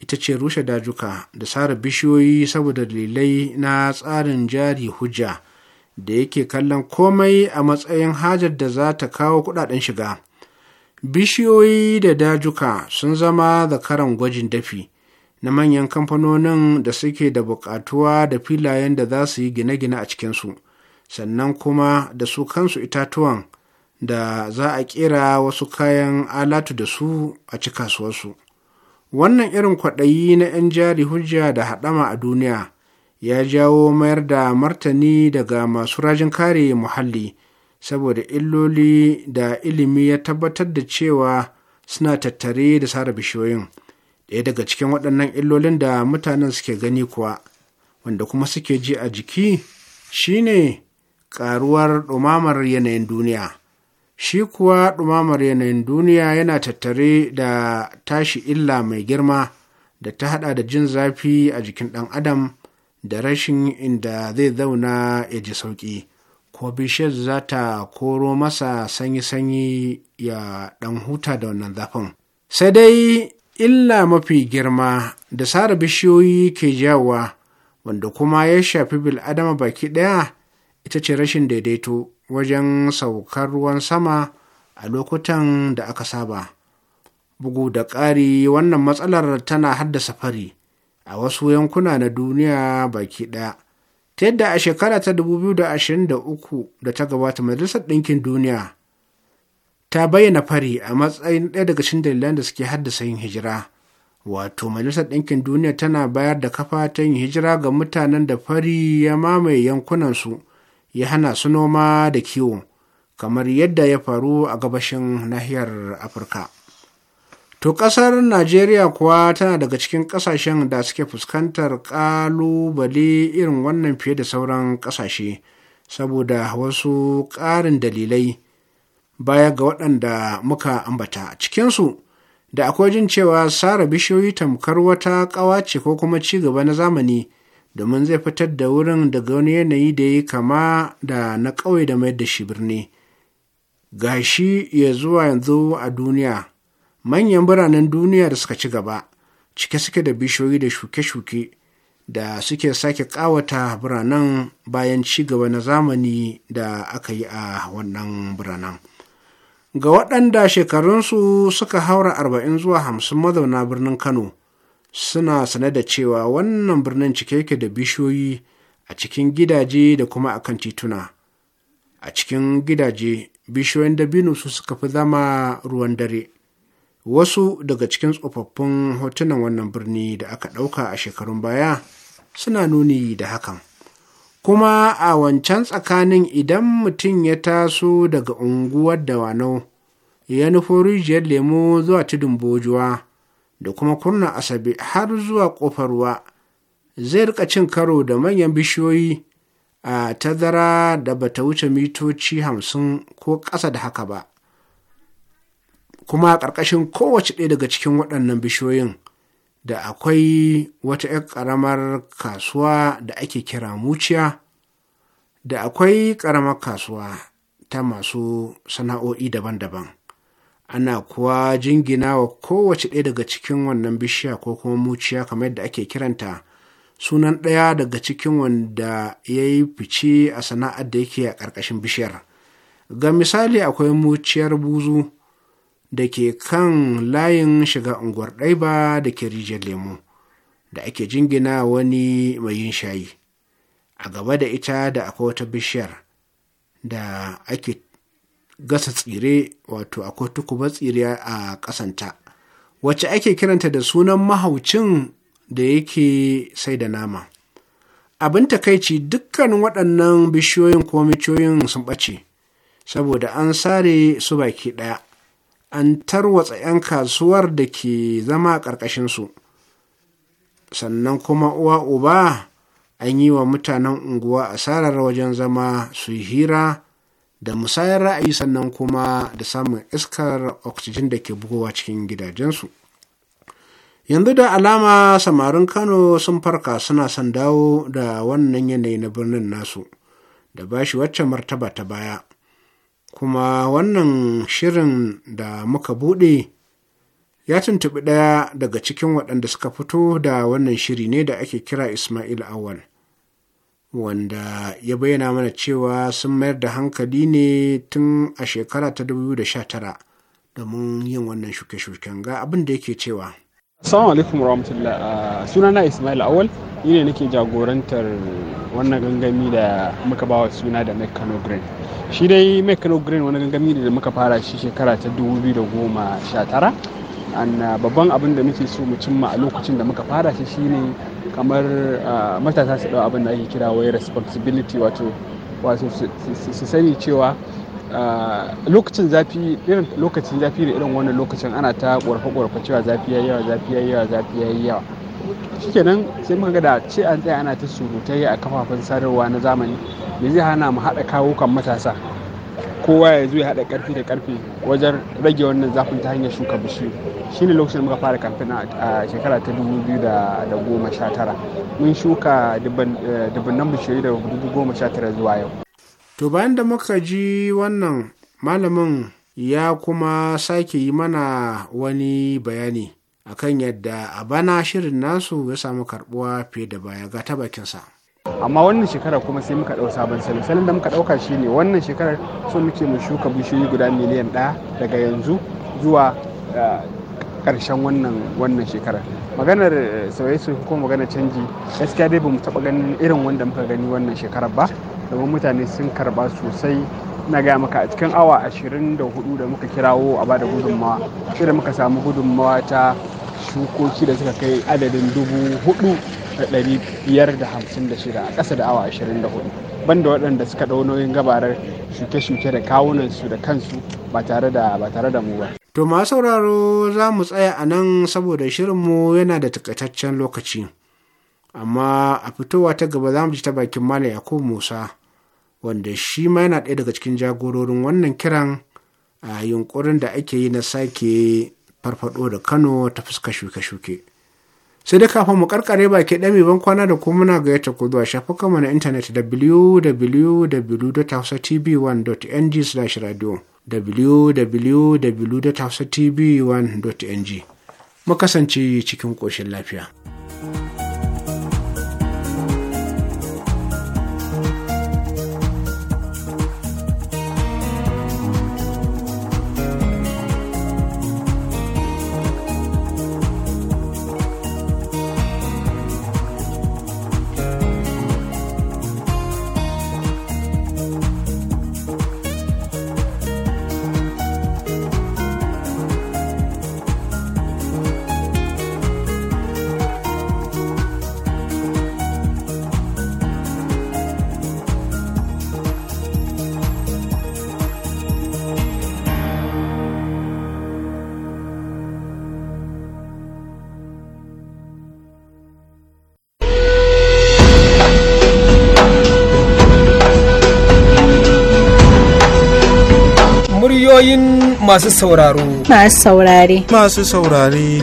ita ce rushe dajuka da sare bishiyoyi saboda dalilai na tsarin jari hujja da yake kallon komai a matsayin hajar da za ta kawo kudaden shiga bishiyoyi da dajuka sun zama da zakaran gwajin dafi na manyan kamfanonin da suke da bukatuwa da filayen da za su yi gine-gine a cikinsu sannan kuma da su kansu itatuwan da za a ƙera wasu kayan alatu da su a ci kasuwarsu. Wannan irin kwaɗayi na 'yan jari hujja da haɗama a duniya ya jawo mayar da martani daga masu rajin kare muhalli saboda illoli da ilimi ya tabbatar da cewa suna tattare da sare bishiyoyin. Ɗaya daga cikin waɗannan illolin da mutanen suke gani kuwa, wanda kuma suke ji a jiki, shine ƙaruwar ɗumamar yanayin duniya. shi kuwa ɗumamar yanayin duniya yana tattare da tashi illa mai girma da ta haɗa da jin zafi a jikin ɗan adam da rashin inda zai zauna ya ji sauƙi ko bishiyar za ta koro masa sanyi-sanyi ya ɗan huta da wannan zafin sai dai illa mafi girma da sare bishiyoyi ke jawa wanda kuma ya shafi bil'adama baki ɗaya ita ce rashin daidaito wajen saukar ruwan sama a lokutan da aka saba bugu da ƙari wannan matsalar tana haddasa fari a wasu yankuna na duniya baki ɗaya ta yadda a shekara ta 2023 da ta gabata majalisar ɗinkin duniya ta bayyana fari a matsayin ɗaya daga cikin dalilan da suke haddasa yin hijira wato majalisar ɗinkin duniya tana bayar da kafa ta yin hijira ga mutanen da fari ya mamaye yankunansu ya hana su noma da kiwo kamar yadda ya faru a gabashin nahiyar afirka to ƙasar najeriya kuwa tana daga cikin ƙasashen da suke fuskantar ƙalubale irin wannan fiye da sauran ƙasashe saboda wasu ƙarin dalilai baya ga waɗanda muka ambata cikinsu da akwai jin cewa sara bishiyoyi tamkar wata ƙawa ce ko kuma ci gaba na zamani domin zai fitar da wurin daga wani yanayi da ya kama da na ƙauye da mai da shi birni gashi ya zuwa yanzu a duniya manyan biranen duniya da suka ci gaba cike suke da bishiyoyi da shuke-shuke da suke sake ƙawata biranen bayan ci gaba na zamani da aka yi a wannan biranen ga waɗanda shekarunsu suka haura arba'in zuwa hamsin mazauna birnin kano suna sane da cewa wannan birnin cike yake da bishiyoyi a cikin gidaje da kuma a kan tituna a cikin gidaje bishiyoyin dabino su suka fi zama ruwan dare wasu daga cikin tsofaffin hotunan wannan birni da aka ɗauka a shekarun baya suna nuni da hakan kuma a wancan tsakanin idan mutum ya taso daga unguwar dawanau ya nufo rijiyar lemo zuwa tudun bojuwa da kuma kurna asabe har zuwa ƙofar ruwa zai rika cin karo da manyan bishiyoyi a tazara da ba ta wuce mitoci hamsin ko ƙasa da haka ba kuma a ƙarƙashin kowace ɗaya daga cikin waɗannan bishiyoyin da akwai wata 'yan ƙaramar kasuwa da ake kira muciya da akwai ƙaramar kasuwa ta masu sana'o'i daban-daban ana kuwa jingina wa kowace ɗaya daga cikin wannan bishiya ko kuma muciya kamar yadda ake kiranta sunan ɗaya daga cikin wanda ya yi fice a sana'ar da yake a ƙarƙashin bishiyar ga misali akwai muciyar buzu da ke kan layin shiga unguwar ɗaiba da ke rijiyar lemu da ake jingina wani mai yin shayi a gaba da ita da akwai wata bishiyar da ake gasa tsire wato akwai tukuba tsire a ƙasanta wacce ake kiranta da sunan mahaucin da yake sai da nama abin takaici dukkan waɗannan bishiyoyin ko miciyoyin sun ɓace saboda an sare su baki ɗaya an tarwatsa 'yan kasuwar da ke zama ƙarƙashinsu sannan kuma uwa uba an yi wa mutanen unguwa asarar wajen zama su hira da musayar ra'ayi sannan kuma da samun iskar oxygen da ke bugowa cikin gidajensu yanzu da alama samarin kano sun farka suna son dawo da wannan yanayi na birnin nasu da ba shi wacce martaba ta baya kuma wannan shirin da muka buɗe ya tuntubi ɗaya daga cikin waɗanda suka fito da wannan shiri ne da ake kira ismail awal wanda ya bayyana mana cewa sun mayar da hankali ne tun a shekara ta 2019 domin yin wannan shuke-shuken ga abin da yake cewa Assalamu alaikum uh, suna na Ismail Awal yi ne nake jagorantar wannan gangami da muka bawa suna da Mekano Green shi dai Mekano Green wani gangami da muka fara shi shekara ta 2019 an uh, babban abin da muke so mu cimma a lokacin da muka fara shi shine kamar matasa su ɗau abin da ake kira wai responsibility wato su sani cewa lokacin zafi irin lokacin zafi da irin wannan lokacin ana ta ƙorafe ƙorafe cewa zafi ya yawa zafi ya yawa zafi ya yawa shikenan sai muka ga da ce an tsaya ana ta surutai a kafafen sadarwa na zamani me zai hana mu haɗa kawo kan matasa kowa ya zo ya haɗa ƙarfi da ƙarfe wajen rage wannan zafin ta hanyar shuka bishiyu shine lokacin muka fara kamfen a shekara ta 2019 mun shuka eh, dubbannan bishiyu da 2019 zuwa yau to bayan da muka ji wannan malamin ya kuma sake yi mana wani bayani akan yadda a bana shirin nasu ya samu karbuwa fiye da baya ga ta bakinsa. amma wannan shekarar kuma sai muka ɗau sabon salo salon da muka ɗauka ne wannan shekarar so muke mu shuka bishiyoyi guda miliyan ɗaya daga yanzu zuwa karshen eh, wannan wannan shekarar maganar eh, sauye su ko maganar canji gaskiya dai ba mu taɓa ganin irin wanda muka gani wannan shekarar ba domin mutane sun karba sosai na gaya maka a cikin awa 24 da muka kirawo a bada gudunmawa sai da muka samu gudunmawa ta shukoki da suka kai adadin dubu hudu 556 a ƙasa da awa 24 banda waɗanda suka ɗau nauyin gabarar shuke-shuke da kawunansu da kansu ba tare da mu ba. To ma sauraro za mu tsaya a nan saboda shirinmu yana da takaitaccen lokaci. Amma a fitowa ta gaba za mu ji ta bakin Malam Yakubu Musa wanda shi ma yana ɗaya daga cikin jagororin wannan kiran a yunkurin da ake yi na sake farfado da Kano ta fuska shuke-shuke. sai dai kafin mu karkare baki ɗami ban kwana da kuma muna gayyata ku zuwa shafukanmu na intanet www.hausatv1.ng slash radio www.hausatv1.ng mu kasance cikin koshin lafiya. ra'ayoyin masu sauraro. Masu saurare. Masu saurare.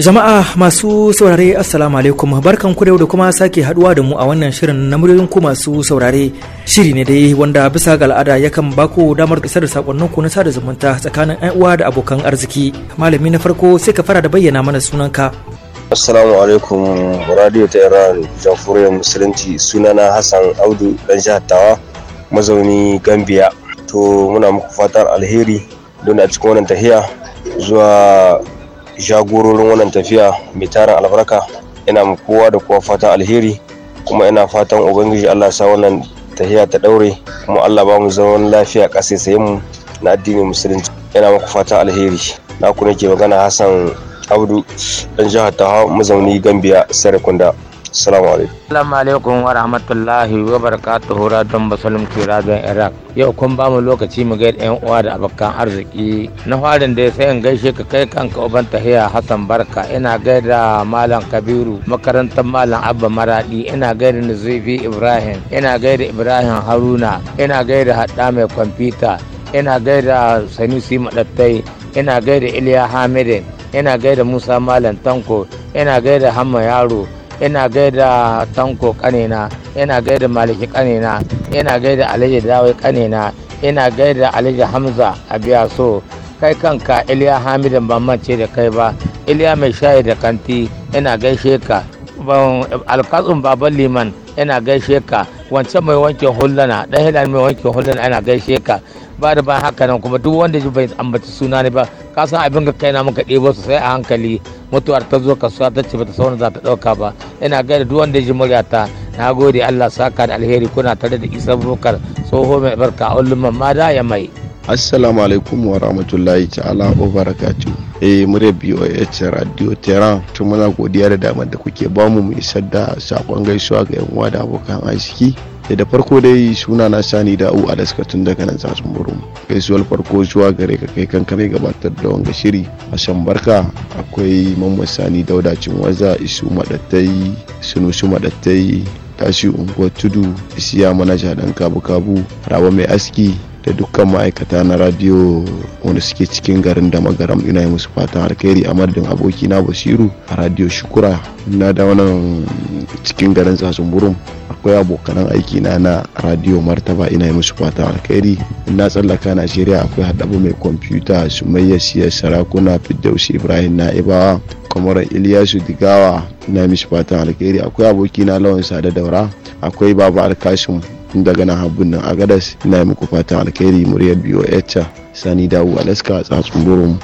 Jama'a masu saurare Assalamu alaikum barkan ku da kuma sake haduwa da mu a wannan shirin na muryoyin ku masu saurare shiri ne dai wanda bisa ga al'ada yakan baku damar isar da sakonnin ku na sada zumunta tsakanin ƴan uwa da abokan arziki malami na farko sai ka fara da bayyana mana sunanka Assalamu alaikum radio ta Iran jamhuriyar musulunci sunana Hassan Audu dan jihar Tawa mazauni Gambia to muna muku fatar alheri don a cikin wannan tafiya zuwa jagororin wannan tafiya mai tarin albarka ina kowa da kowa fatan alheri kuma ina fatan ubangiji allah sa wannan tahiya ta daure kuma allah ba mu zaman lafiya kasai sai mu na addinin musulunci ina muku fatan alheri na ku nake magana hassan abdu dan jihar taha mazauni gambia sarakunda assalamu alaikum assalamu alaikum wa rahmatullahi wa hura don musulun ke radon iraq yau kun ba mu lokaci mu ga yan uwa da abokan arziki na farin da sai in gaishe ka kai kanka uban tahiya hassan barka ina gaida malam kabiru makarantar malam abba maradi ina gaida nazifi ibrahim ina gaida ibrahim haruna ina gaida hadda mai kwamfuta ina gaida sanusi madattai ina gaida iliya hamidin ina gaida musa malam tanko ina gaida hamma yaro yana gaida tanko kanena yana gaida maliki kanena yana gaida alhaji dawai kanena yana gaida alhaji hamza a biya so kai kanka iliya hamidan ban mance da kai ba iliya mai shayi da kanti yana gaishe ka alkatsun baban liman yana gaishe ka wancan mai wankin hulana ɗan hilal mai wankin hulana yana gaishe ka ba da ba haka nan kuma duk wanda bai ambaci suna ne ba ka san abin ka kaina muka ɗebo su sai a hankali mutuwar ta zo kasuwa ta ce bata sauna za ta ɗauka ba ina gaida duk wanda ji muryata na gode Allah saka da alheri kuna tare da Isa Bukar tsoho mai barka a ulumman ma da ya mai. assalamu alaikum wa rahmatullahi ta'ala wa barakatu eh murya BOH radio terrain tun muna godiya da damar da kuke bamu mu isar da sakon gaisuwa ga yan uwa da abokan arziki da eh, da farko dai suna na sani da u alaska tun daga nan tsatsun gaisuwar farko zuwa gare ka kai kanka mai gabatar da wanga shiri a shan barka akwai mamman sani daudacin waza isu madattai sunusu madattai tashi unguwar tudu isiya manaja dan kabu kabu rawa mai aski da dukkan ma'aikata na radio wanda suke cikin garin da magaram ina yi musu fatan alkhairi a madadin aboki na basiru a radio shukura na da wannan cikin garin tsatsun akwai abokanan aiki na na radio martaba ina yi musu fatan alkhairi na tsallaka najeriya akwai haɗabu mai kwamfuta sumayya siyar sarakuna fiddausi ibrahim na na'ibawa kamar iliyasu digawa ina mishi fatan alkhairi akwai abokina lawan sada daura akwai baba alkashin tun daga nan habbun nan gadas ina yi muku fatan alkhairi muryar biyo sani dawo alaska tsatsun burin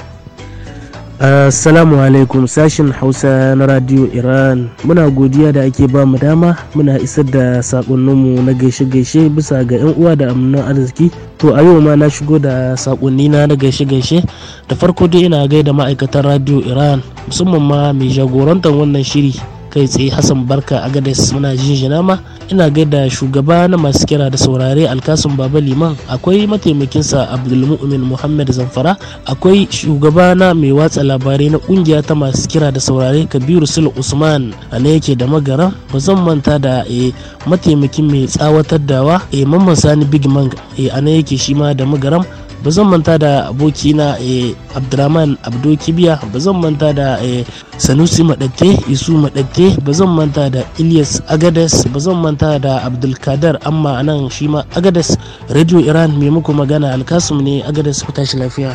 Assalamu uh, alaikum sashin Hausa na Radio Iran. Muna godiya da ake ba mu dama muna isar da sakonninmu na gaishe-gaishe bisa ga 'yan uwa da amnan arziki. To a yau ma na shigo da sakonnina na gaishe-gaishe. Da farko dai ina gaida ma'aikatan Radio Iran musamman ma mai jagorantar wannan shiri. kai tsaye hassan barka a gada muna jinjina ma ina gaida shugaba na masu kira da saurare alkasun baba liman akwai mataimakinsa abdulmu'min muhammad zamfara akwai shugaba na mai watsa labarai na kungiya ta masu kira da saurare kabiru sul usman a na yake da magara ba zan manta da eh, mataimakin mai tsawatar dawa eh, mamman sani big man eh, a na yake shi ma da magaram ba zan manta da abokina eh, abdulrahman abdo kibiya ba zan manta da eh, sanusi madatte isu madatte ba zan manta da ilyas agadas ba zan manta da abdulkadar amma anan shi ma agadas radio iran mai muku magana alkasum ne agadas ku tashi lafiya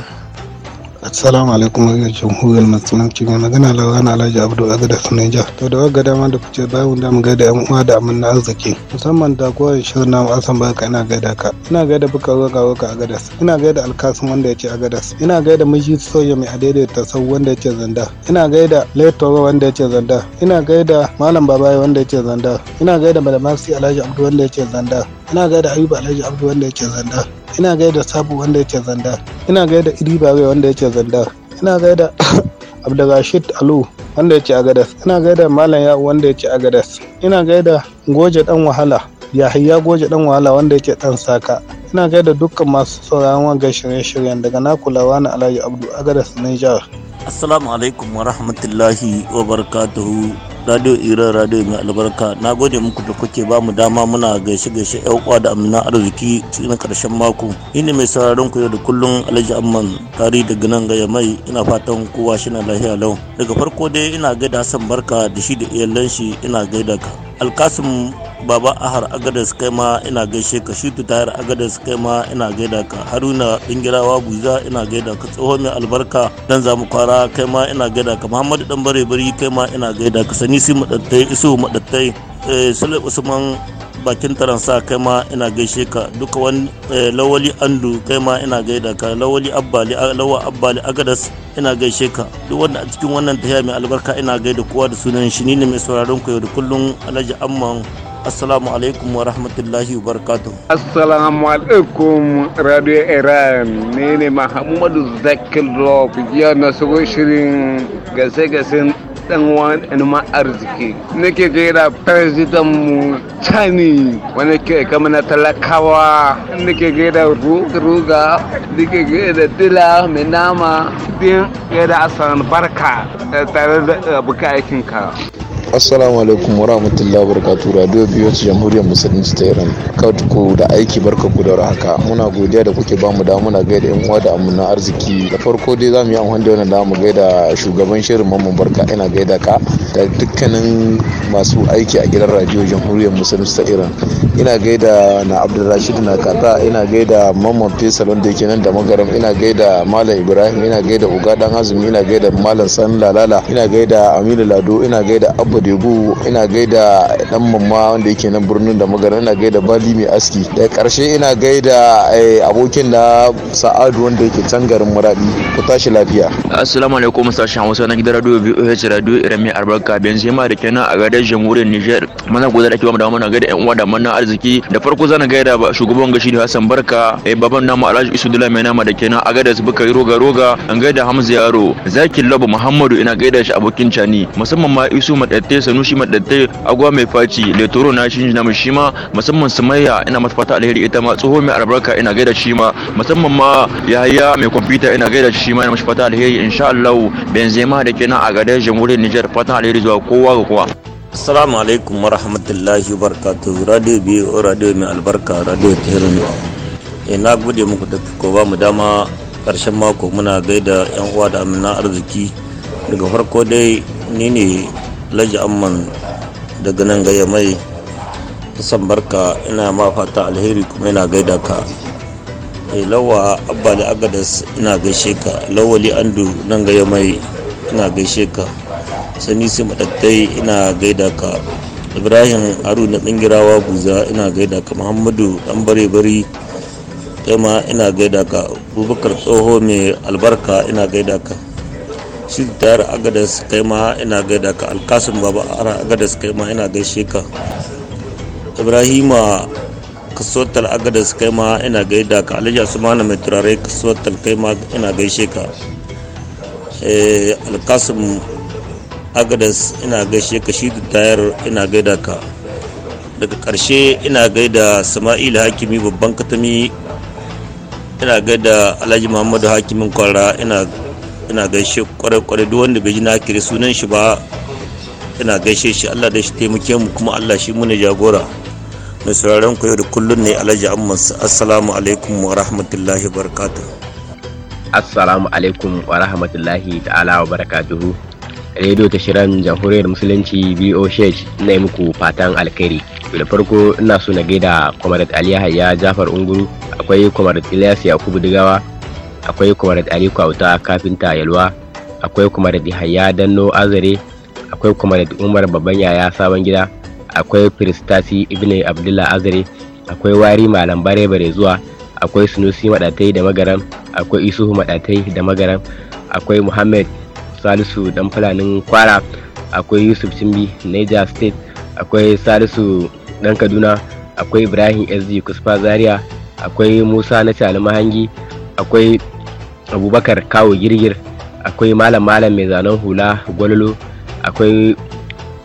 assalamu alaikum wa jamhuriyar musulunci mai magana na alhaji abdu Agadas da sunaija to da wagga dama da fice bayan da mu gaida yan uwa da amanna arziki musamman da kowa shirin namu asan barka ina gaida ka ina gaida buka roka roka a gadas ina gaida alkasin wanda ya ce a gadas ina gaida mishi soya mai ta sau wanda ya ce zanda ina gaida laitoro wanda ya ce zanda ina gaida malam babaye wanda ya ce zanda ina gaida malamasi alhaji abdu wanda ya ce zanda ina gaida ayuba alhaji abdu wanda ya ce zanda ina gaida sabu wanda yake zandar ina gaida bare wanda yake zandar ina gaida [COUGHS] abdulrashid alu wanda yake agadas ina gaida malam ya wanda yake agadas ina gaida goje dan wahala yahiya goje dan wahala wanda yake dan saka ina gaida dukkan masu sauraron wanga shirye-shiryen daga na kulawa na alhaji abdu agadas niger assalamu alaikum wa rahmatullahi wa barakatuhu radio iran radio mai albarka na gode muku da kuke ba mu dama muna gaishe gaishe yan uwa da amina arziki cikin karshen mako ina mai sauraron ku yau da kullun alhaji amman tari daga nan ga mai ina fatan kowa shi na lafiya lau daga farko dai ina gaida hassan barka da shi da iyalan shi ina gaida ka alkasim baba ahar agadas kai ma ina gaishe ka shutu tayar agadas kai ma ina gaida ka haruna dingirawa buza ina gaida ka tsoho mai albarka dan zamu kwara kai ma ina gaida ka muhammadu dan bare bari kai ma ina gaida ka sanisi madattai isu madattai eh, sule usman bakin taransa kai ma ina gaishe ka duka wani eh, lawali andu kai ma ina gaida ka lawali abbali lawa abbali agadas ina gaishe ka duk wanda a cikin wannan tafiya mai albarka ina gaida kowa da sunan shi ne mai sauraron ku yau da kullum alhaji amman assalamu alaikum wa rahmatullahi wa barakatuh assalamu alaikum radio iran ne ne mahamadu zakir lop ya na shigo shirin gase-gasen dan wani ma arziki ke gaira president mu chani wani ke kama na talakawa ke gaira ruga ne ke gaira dila mai nama din gaira asan barka tare da abokan aikinka assalamu alaikum wa rahmatullahi wa barakatuh radio biyu jamhuriyar musulunci ta iran ku da aiki barka ku da haka muna godiya da kuke ba mu da muna gaida yan uwa da amuna arziki da farko dai za mu yi amfani da wannan da mu gaida shugaban shirin mamman barka ina gaida ka da dukkanin masu aiki a gidan radio jamhuriyar musulunci ta iran ina gaida na abdulrashid na kata ina gaida mamman fesal da yake nan da magaram ina gaida malam ibrahim ina gaida uga dan azumi ina gaida malam san lalala ina gaida aminu lado ina gaida abu Badegu ina gaida dan mamma wanda yake nan birnin da magana ina gaida Bali mai aski da karshe ina gaida eh, abokin da Sa'adu wanda yake can garin Muradi ku tashi lafiya Assalamu alaikum sashen Hausa na gidan radio VOH radio Irami Albarka Benzema da kenan a gadar jamhuriyar Niger mana gobe da kiwa da mana gaida yan uwa da manna arziki da farko zan gaida shugaban gashi da Hassan Barka eh, baban namu Alhaji Isu Dula mai nama da kenan a gadar Bukari Roga Roga an gaida Hamza Yaro Zaki Labu Muhammadu ina gaida shi abokin Cani musamman ma Isu Madatte madattai sanushi madattai agwa mai faci toro na shi na shi ma musamman sumayya ina mata fata alheri ita ma tsoho mai albarka ina gaida shi ma musamman ma yahaya mai kwamfuta ina gaida shi ma ina mashi fata alheri insha Allah benzema da kenan a gadar jamhuriyar Niger fata alheri zuwa kowa ga kowa Assalamu alaikum wa wabarakatuh wa radio biyu radio mai albarka radio tehran ina eh, gode muku da ko ba mu dama karshen mako muna gaida yan uwa da amina arziki daga farko dai ni ne alhaji amman daga nan gaya mai san barka ina ma fata alheri kuma ina gaida ka eh, lawa abba da agadas ina gaishe ka lawali andu nan gaya mai ina gaishe ka sani su matattai ina gaida ka ibrahim haruna tsingirawa buza ina gaida ka muhammadu dan bare bari kai ina gaida ka abubakar tsoho mai albarka ina gaida ka shi tayar su kai ma ina da ka alkasim baba ara su kai ma ina shi ka ibrahima kasuwatar su kai ma ina da ka su mana mai turare kasuwatar kai ma ina shi ka eh, alkasim agadas ina shi ka shi tayar ina da ka daga karshe ina da sama'il hakimi babban katami ina da alhaji muhammadu hakimin kwara ina ina gaishe kwarai-kwarai duk wanda bai ji na kire sunan shi ba ina gaishe shi Allah da shi taimake mu kuma Allah shi mu ne jagora mai sauraron ku yau da kullun ne Alhaji amma assalamu alaikum wa rahmatullahi wa barakatuh assalamu alaikum wa rahmatullahi ta'ala wa barakatuhu radio ta shirin jamhuriyar musulunci BOSH na muku fatan alkhairi da farko ina so na gaida kwamarat aliyu hayya jafar unguru akwai kwamarat ilyas yakubu digawa akwai kuma da a kwauta kafinta yalwa akwai kuma da yahaya danno azare akwai kuma da umar babban yaya sabon gida akwai firistasi ibn abdullah azare akwai wari malam bare bare zuwa akwai sunusi maɗatai da magaran. akwai isuhu maɗatai da magaran. akwai muhammad salisu dan fulanin kwara akwai yusuf cimbi niger state akwai salisu dan kaduna akwai ibrahim sg kusfa zaria akwai musa na cali mahangi akwai abubakar kawo girgir akwai malam malam mai zanen hula gwalolo akwai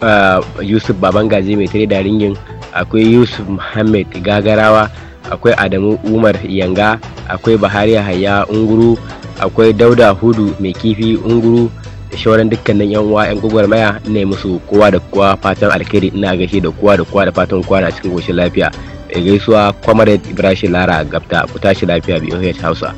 uh, yusuf gaji mai tare da ringin akwai yusuf muhammad gagarawa akwai adamu umar yanga akwai bahari haya unguru akwai dauda hudu mai kifi unguru da shauran dukkanin yan uwa yan gwagwarmaya ne musu kowa da kowa fatan alkhairi ina gaishe da kowa da kowa da fatan kowa na cikin goshin lafiya gaisuwa comrade ibrahim lara gabta ku tashi lafiya biyu hausa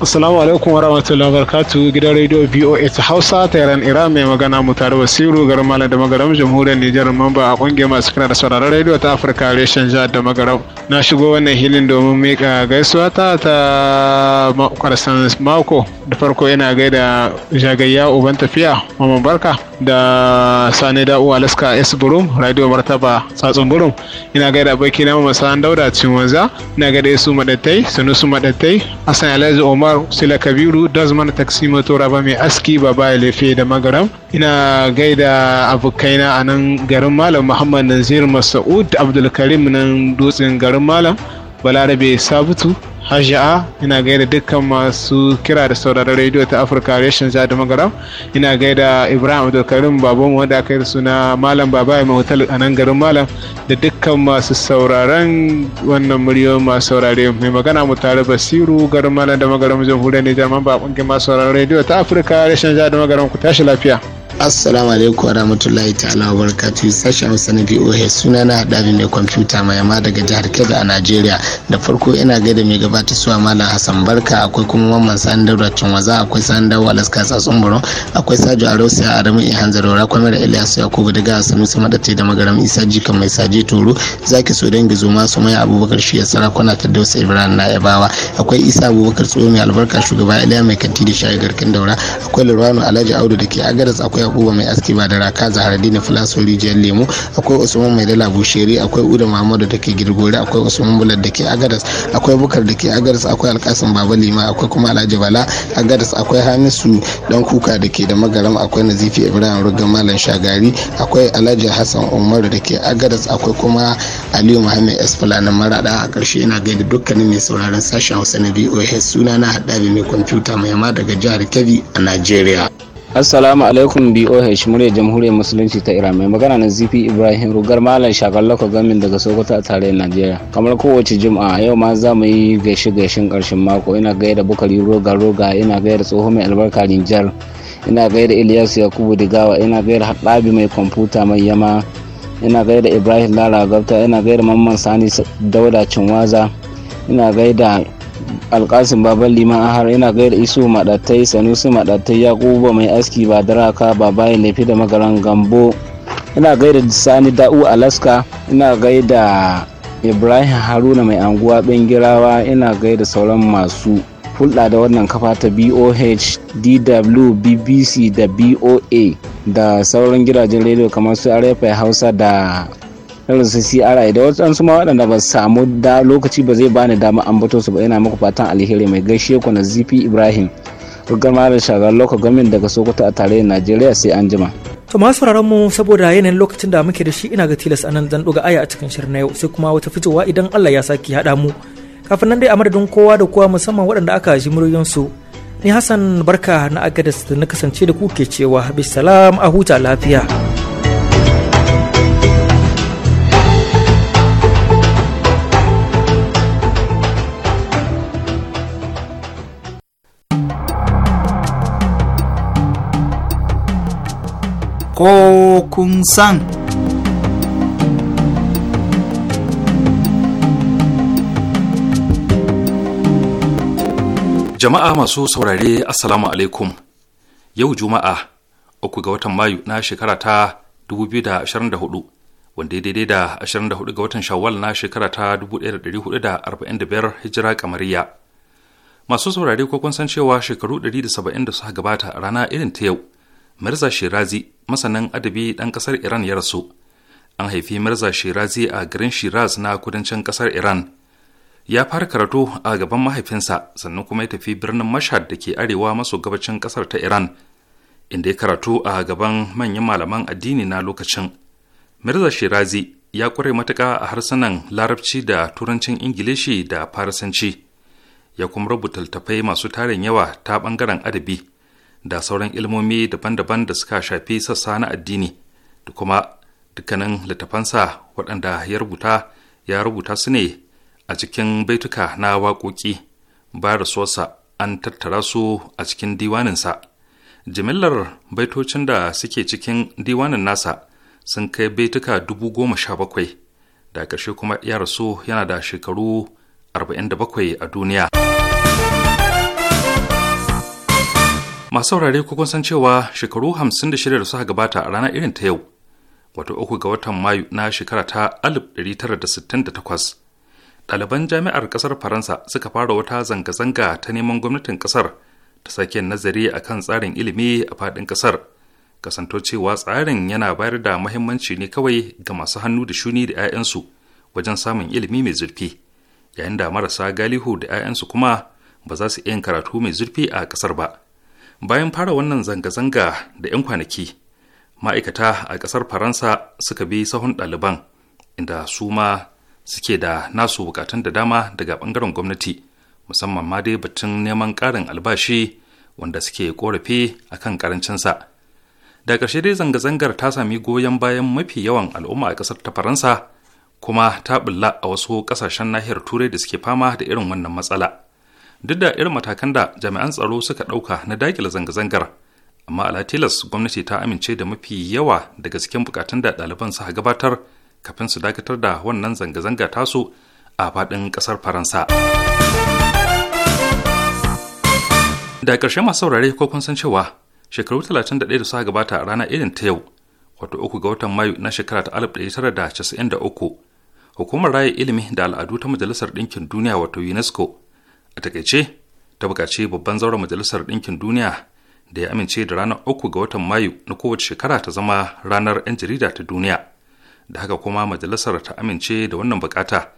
Assalamu alaikum wa rahmatullahi wa barkatu gidan rediyo ta Hausa ta yaran Iran mai magana mu tare Basiru garin Malam da Magaram Jamhuriyar Nijar mamba a kungiyar masu kira da sauraron rediyo ta Afirka Reshen Jihar da Magaram. Na shigo wannan hilin domin mika gaisuwa ta ta karsan mako da farko yana gaida jagayya uban tafiya mamman Barka da sani da'u alaska s burum radio martaba tsatsun burum ina gaida baki na masalan dauda cinwanza ina gaida su madattai su madattai asan alhaji omar sila kabiru dozman taksi moto ba mai aski baba ya lefe da magaram ina gaida abokaina a nan garin malam muhammad nazir masaud abdulkarim nan dutsen garin malam balarabe sabutu hajiya ina gaida dukkan masu kira da sauraron rediyo ta afirka reshen da magaram ina gaida ibrahim Karim babanmu wanda aka yi suna malam baba Ima Hotel a nan garin malam da dukkan masu sauraron wannan muryo masu saurare mai magana mu tare basiru garin malam da magaram jamhuriyar nijar man ba kungiyar masu sauraron rediyo ta afirka reshen da magaram ku tashi lafiya. assalamu alaikum wa rahmatullahi ta'ala wa barakatu sashen hausa na boh suna na haɗari mai kwamfuta mai yamma daga jihar kebbi a najeriya da farko ina gaida mai gabata suwa malam hassan barka akwai kuma mamman sani daura waza akwai sani daura alaska tsatsun buron akwai sajo arosi a adamu ihan zarora kwamar ilyas yakubu daga sanusi madatai da magaram isa jika mai saje toro zaki so dangi zuma su mai abubakar shi ya sarakuna ta dausa ibrahim na yabawa akwai isa abubakar tsohon mai albarka shugaba iliya mai kanti da shayi garkin daura akwai lurwanu alhaji audu da ke agaras akwai yakuba mai aski ba da raka zahardini filaso rijiyar lemu akwai usman mai dala busheri akwai uda muhammadu da ke girgore akwai usman bulat da ke agadas akwai bukar da ke agadas akwai alkasin baba lima akwai kuma alhaji bala agadas akwai hamisu dan kuka da ke da magaram akwai nazifi ibrahim rugan malam shagari akwai alhaji hassan umar da ke agadas akwai kuma aliyu muhammad s na marada a karshe ina gaida dukkanin mai sauraron sashen hausa na voh suna na haɗa mai kwamfuta mai yamma daga jihar kebbi a najeriya Assalamu alaikum BOH murya jamhuriyar musulunci ta Iran mai magana na ZP Ibrahim Rugar Malam Shagallako Gamin daga Sokoto a tarayyar Najeriya. Kamar kowace Juma'a yau ma za mu yi gaishe gaishen karshen mako ina gaida Bukari Roga Roga ina gaida Tsoho mai albarka Rinjar ina gaida Ilyas Yakubu Digawa ina gaida Haɗabi mai kwamfuta mai yama ina gaida Ibrahim Lara Gabta ina gaida Mamman Sani Dauda Cinwaza ina gaida Alƙasim baban liman har ina gaida iso maɗatai sanusi maɗatai ya yakubu mai aski ba daraka bayan laifi da magaran gambo ina gaida sani da'u alaska ina gaida ibrahim haruna mai anguwa bengirawa ina gaida sauran masu hulɗa da wannan kafa ta boh dw bbc da boa da sauran gidajen rediyo kamar su arefai hausa da irin su CRI da wasu ma waɗanda ba samu da lokaci ba zai bani dama ambato su ba ina muku fatan alheri mai gaishe ku na zifi Ibrahim rugar da shagar local government daga Sokoto a tarayyar Najeriya sai an jima. To masu mu saboda yanayin lokacin da muke da shi ina ga tilas anan zan ɗuga aya a cikin shirin na yau sai kuma wata fitowa idan Allah ya saki haɗa mu. Kafin nan dai a madadin kowa da kowa musamman waɗanda aka ji su Ni Hassan Barka na Agadas da na kasance da ku ke cewa bisalam a huta lafiya. ko kun san. Jama'a masu saurare Assalamu alaikum yau Juma'a uku ga watan Mayu na shekara ta 2024 wanda ya daidai da 24 ga watan Shawwal na shekara ta 1445 hijira kamariya. Masu saurare ko kun san cewa shekaru 170 da suka gabata a rana irin ta yau mirza shirazi masanin adabi ɗan ƙasar iran ya rasu an haifi mirza shirazi a garin shiraz na kudancin ƙasar iran ya fara karatu a gaban mahaifinsa sannan kuma ya tafi birnin mashhad da ke arewa maso gabacin ƙasar ta iran inda ya karatu a gaban manyan malaman addini na lokacin mirza shirazi ya ƙware matuƙa a harsunan larabci da turancin ingilishi da farisanci ya kuma rubuta littattafai masu tarin yawa ta ɓangaren adabi da sauran ilmomi daban-daban da suka shafi sassa na addini da kuma dukkanin littafansa waɗanda ya rubuta ya rubuta su ne a cikin baituka na waƙoƙi ba da sosa an tattara su a cikin diwaninsa jimillar baitocin da suke cikin diwanin nasa sun kai baituka dubu goma sha bakwai da ƙarshe kuma ya rasu yana da shekaru arba'in 47 a duniya. masu saurare ko kun san cewa shekaru 56 da suka gabata a ranar irin ta yau wato uku ga watan mayu na shekara ta 1968 ɗaliban jami'ar ƙasar faransa suka fara wata zanga-zanga ta neman gwamnatin ƙasar ta sake nazari a kan tsarin ilimi a faɗin ƙasar kasanto cewa tsarin yana bayar da muhimmanci ne kawai ga masu hannu da shuni da 'ya'yansu wajen samun ilimi mai zurfi yayin da marasa galihu da 'ya'yansu kuma ba za su iya karatu mai zurfi a ƙasar ba bayan fara wannan zanga-zanga da 'yan kwanaki ma'aikata a ƙasar faransa suka bi sahun ɗaliban inda su ma suke da nasu bukatun da dama daga ɓangaren gwamnati musamman ma dai batun neman ƙarin albashi wanda suke korafi a kan ƙarancinsa da ƙarshe dai zanga-zangar ta sami goyon bayan mafi yawan al'umma a ƙasar ta faransa kuma ta bulla a wasu ƙasashen nahiyar turai da suke fama da irin wannan matsala duk da irin matakan da jami'an tsaro suka ɗauka na dakile zanga-zangar amma alatilas gwamnati ta amince da mafi yawa daga cikin bukatun da ɗaliban suka gabatar kafin su dakatar da wannan zanga-zanga tasu a faɗin ƙasar faransa da ƙarshe masu saurare ko kun san cewa shekaru 31 da suka gabata a rana irin ta yau wato uku ga watan mayu na shekara ta 1993 hukumar raya ilimi da al'adu ta majalisar ɗinkin duniya wato unesco a takaice ta bukaci babban zauren majalisar ɗinkin duniya da ya amince da ranar uku ga watan mayu na kowace shekara ta zama ranar 'yan jarida ta duniya da haka kuma majalisar ta amince da wannan bukata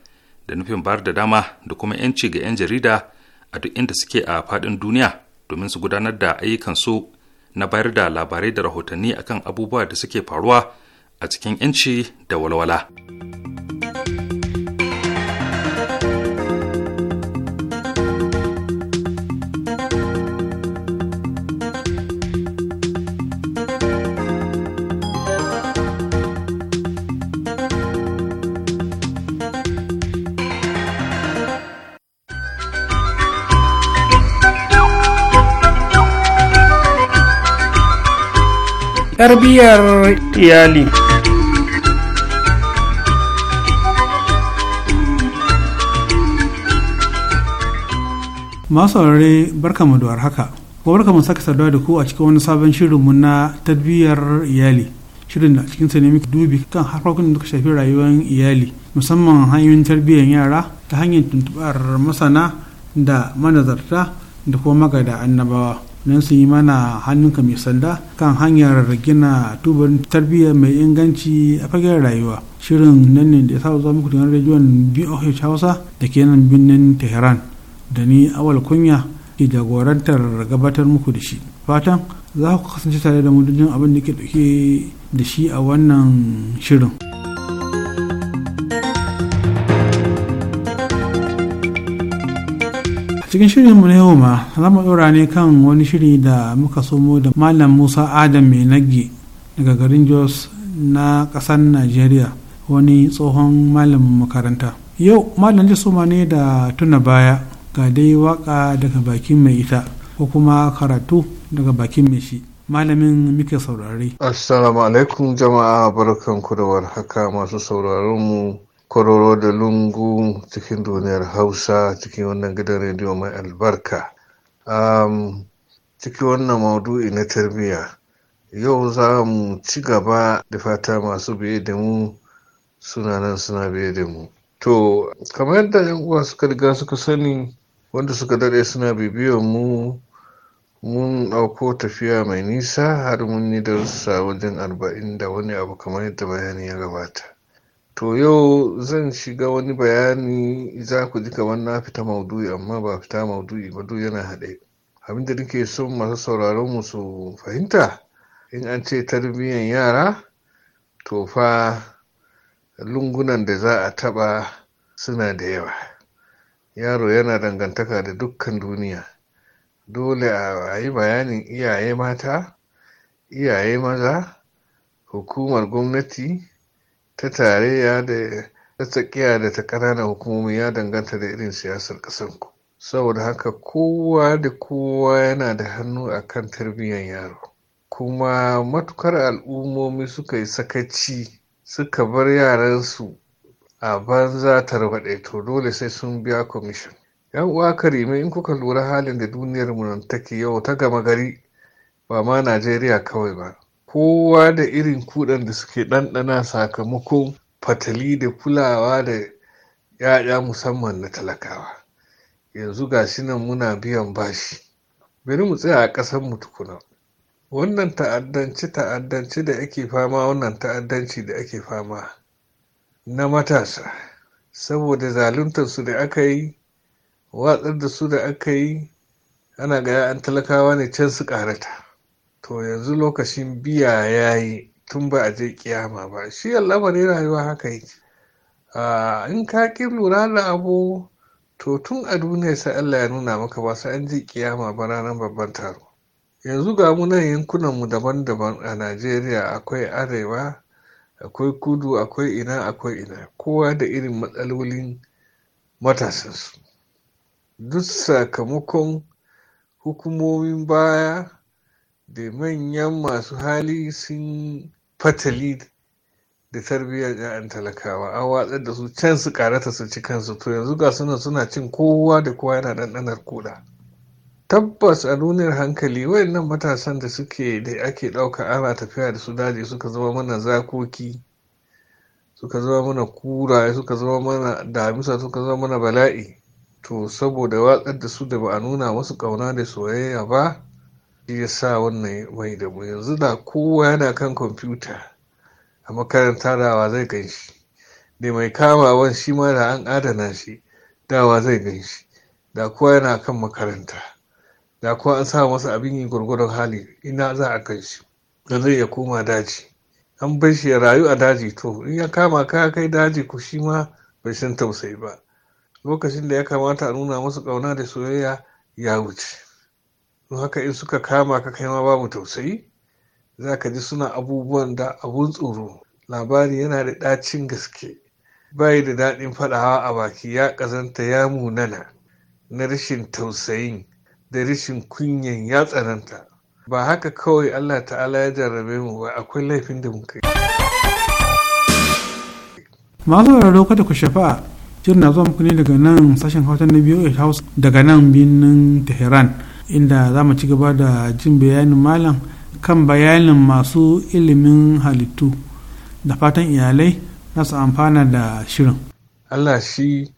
da nufin bayar da dama da kuma 'yanci ga 'yan jarida a duk inda suke a faɗin duniya domin su gudanar da ayyukansu na bayar da labarai da rahotanni akan abubuwa da suke faruwa a cikin 'yanci da walwala. tarbiyyar iyali masu aure barka mu da haka ko barka mu saka saduwa da ku a cikin wani sabon shirin mu na tarbiyyar iyali shirin da cikin ne muke dubi kan harkokin da suka shafi rayuwar iyali musamman hanyoyin tarbiyyar yara ta hanyar tuntubar masana da manazarta da kuma magada annabawa don sun yi mana hannunka mai sanda kan hanyar gina tubar tarbiyya mai inganci a fagen rayuwa shirin nan ne da ya sa zuwa muku tunan rajiyon boh hausa da ke nan birnin tehran da ni awal kunya ke jagorantar gabatar muku da shi fatan za ku kasance tare da mu abin da ke dauke da shi a wannan shirin. cikin shirinmu na yau ma za mu ɗora ne kan wani shiri da muka somo da malam musa adam mai nagge daga garin jos na ƙasar nigeria wani tsohon malamin makaranta yau malam zai soma ne da tuna baya ga dai waka daga bakin mai ita ko kuma karatu daga bakin mai shi malamin muke saurari. assalamu alaikum jama'a barkanku da warhaka masu sauraron mu Kororo da lungu cikin duniyar hausa cikin wannan gidan rediyo mai albarka um, cikin wannan maudu'i na tarbiyya yau za mu ci gaba da fata masu biye da mu suna nan suna biye da mu to kamar yadda yan uwa suka riga suka sani wanda suka dade suna bibiyar mu mun ɗauko tafiya mai nisa har mun yi darussa wajen arba'in da wani abu kamar yadda bayani ya gabata To yau zan shiga wani bayani za ku ji kamar na fita maudu'i amma ba fita maudu'i ba duk yana haɗe. Abin da nake son masu sauraron mu su fahimta in an ce tarbiyyar yara to fa lungunan da za a taɓa suna da yawa. Yaro yana dangantaka da dukkan duniya. Dole a yi bayanin iyaye mata, iyaye maza, hukumar gwamnati, ta tarayya da ta tsakiya da ta ƙananan hukumomi ya danganta da irin siyasar ƙasar ku saboda haka kowa da kowa yana da hannu a kan tarbiyyar yaro kuma matukar al'ummomi suka yi sakaci suka bar yaransu a banza tarwaɗe, to dole sai sun biya kwamishin yan uwa karime in kuka lura halin da duniyar mu take yau ta gama gari ba ma najeriya kawai ba kowa da irin kuɗan da suke ɗanɗana sakamakon fatali da kulawa da ya'ya musamman na talakawa yanzu ga shi nan muna biyan bashi bari mu tsaya a ƙasar mu tukuna wannan ta'addanci ta'addanci da ake fama wannan ta'addanci da ake fama na matasa saboda zaluntar su da aka yi watsar da su da aka yi ana ga an talakawa ne can su karata to yanzu lokacin biya ya yi tun ba a je kiyama ba shi lamarin rayuwa haka A in ka ƙi lura da abu to tun a duniya sai Allah ya nuna maka ba sai an ji kiyama ba ranar babban taro yanzu ga mu nan yankunan mu daban-daban a Najeriya akwai arewa akwai kudu akwai ina akwai ina kowa da irin matsalolin matasansu duk sakamakon hukumomin baya da manyan masu hali sun fatali da tarbiyyar ya'yan talakawa an watsar da su can su karata su ci kansu to yanzu ga suna suna cin kowa da kowa yana ɗanɗanar koda tabbas a duniyar hankali wayannan matasan da suke da ake ɗauka ana tafiya da su daji suka zama mana zakoki suka zama mana kura suka zama mana damisa suka zama mana bala'i to saboda watsar da su da ba a nuna masu ƙauna da soyayya ba shi ya sa wannan mai da mu yanzu da kowa yana kan kwamfuta a makaranta dawa zai gan shi da mai kamawan shi ma da an adana shi dawa zai gan shi da kowa yana kan makaranta da kowa an sa masa abin yi gwargwaron hali ina za a kan shi da zai ya koma daji an bar shi ya rayu a daji to in ya kama ka kai daji ku shi ma bai san tausayi ba lokacin da ya kamata a nuna masa ƙauna da soyayya ya wuce haka in suka kama ka kai ma babu tausayi za ka ji suna abubuwan da abun tsoro labari yana da ɗacin gaske bayi da daɗin faɗawa a baki ya ƙazanta ya munana na rashin tausayin da rashin kunyan ya tsananta ba haka kawai allah ta'ala ya jarrabe mu ba akwai laifin da muka yi masu sauraro kada ku shafa shirin na zuwa muku ne daga nan sashen hausa na biyu house daga nan birnin tehran inda za mu ci gaba da jin bayanin malam kan bayanin masu ilimin halittu da fatan iyalai na su amfana da shirin allah shi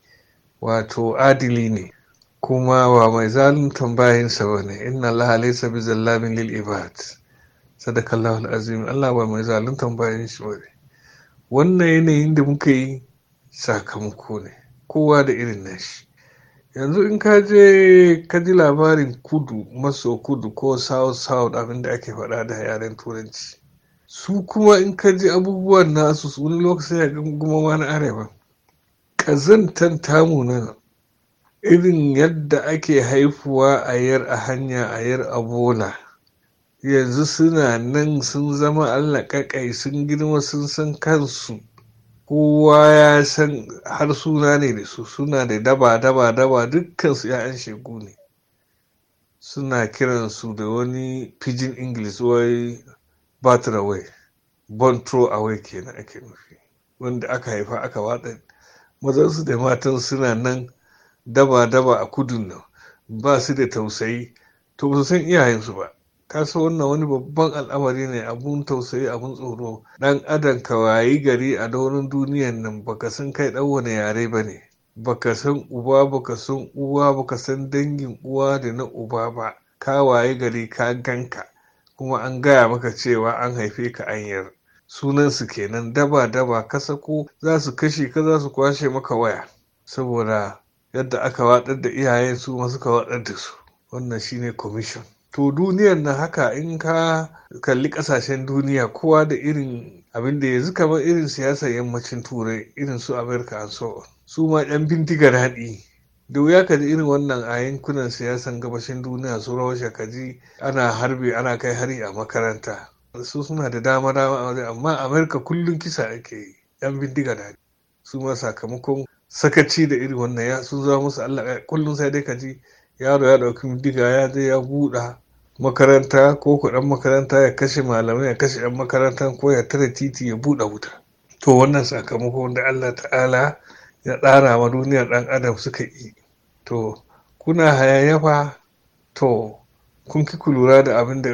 wato adili ne kuma wa mai zaluntan bayansa ba ne inna allaha laysa bi zallamin lil ibad Allah alazim allah ba mai zaluntan bayan shi ne wannan yanayin da muka yi sakamako ne kowa da irin nashi yanzu in ka je ka ji labarin kudu maso kudu ko south south abinda ake faɗa da yaren turanci su kuma in ka ji abubuwan nasu wani lokacin ya kuma wani arewa ƙazantan tamu na irin yadda ake haifuwa a yar a hanya a yar a bola yanzu suna nan sun zama allah kakai sun girma sun san kansu kowa ya san har suna ne da su suna da daba daba daba dukkan su ya'yan shegu ne suna kiransu da wani pidgin english wai batter away born throw away kenan ake nufi wanda aka haifa aka watsa su da matan suna nan daba daba a kudun nan ba su da tausayi to ba su san iyayensu ba kasa wannan wani babban al'amari ne abun tausayi abun tsoro dan adam ka gari a daurin duniyan nan baka san kai dan wani yare ba ne baka san uba baka san uwa baka san dangin uwa da na uba ba ka wayi gari ka ganka kuma an gaya maka cewa an haife ka anyar sunansu kenan daba daba ka sako za su kashe ka za su kwashe maka waya saboda yadda aka watsar da iyayen su ma suka watsar da su wannan shine commission to duniyar na haka in ka kalli kasashen duniya kowa da irin abin da yanzu kamar irin siyasan yammacin turai irin su amerika so su ma yan bindigar haɗi da wuya ka ji irin wannan a yankunan siyasan gabashin duniya su rawar kaji ana harbe ana kai hari a makaranta su suna da dama dama amma amerika kullum kisa ake yi yan bindigar haɗi su ma sakamakon sakaci da irin wannan ya sun zama musu allah kullum sai dai ka ji. yaro ya ɗauki bindiga ya je ya buɗa makaranta ko kuɗin makaranta ya kashe malamai ya kashe 'yan makaranta ko ya tare titi ya buɗe wuta to wannan sakamako da allah ta'ala ya tsara wa duniyar ɗan adam suka yi to kuna hayayyafa to kun ki lura da abin da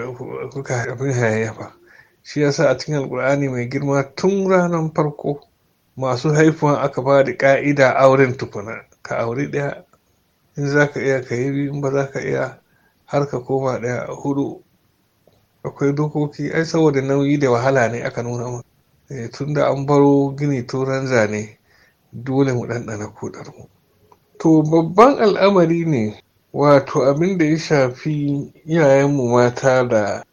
kuka abin hayayyafa shi yasa a cikin alkur'ani mai girma tun ranar farko masu haifuwa aka ba da ka'ida auren tukuna ka auri ɗaya in za ka iya ka yi biyu in ba za ka iya har ka koma ɗaya hudu akwai dokoki ai saboda nauyi da wahala ne aka nuna mu eh, tun da an baro gini turan zane dole mu ɗanɗana kudar mu to babban al'amari ne wato abin da ya shafi mu mata da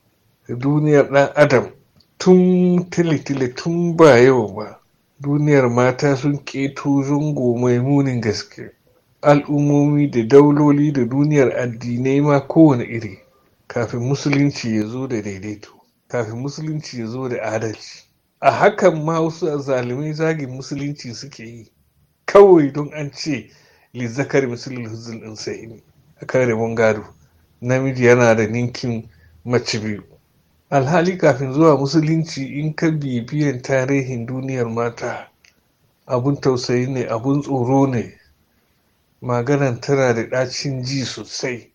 duniyar ɗan adam tun tilitili tun ba yau ba duniyar mata sun keto zungo mai munin gaske al'ummomi da dauloli da duniyar addinai ma kowane iri kafin musulunci ya zo da daidaito kafin musulunci ya zo da adalci a hakan ma wasu zalimai zagin musulunci suke yi kawai don an ce lizzakar musulun huzul ɗin sai ne a kan rabon gado namiji yana da ninkin mace biyu alhali kafin zuwa musulunci in ka bibiyan tarihin duniyar mata abun tausayi ne abun tsoro ne Maganar tana da ɗacin ji sosai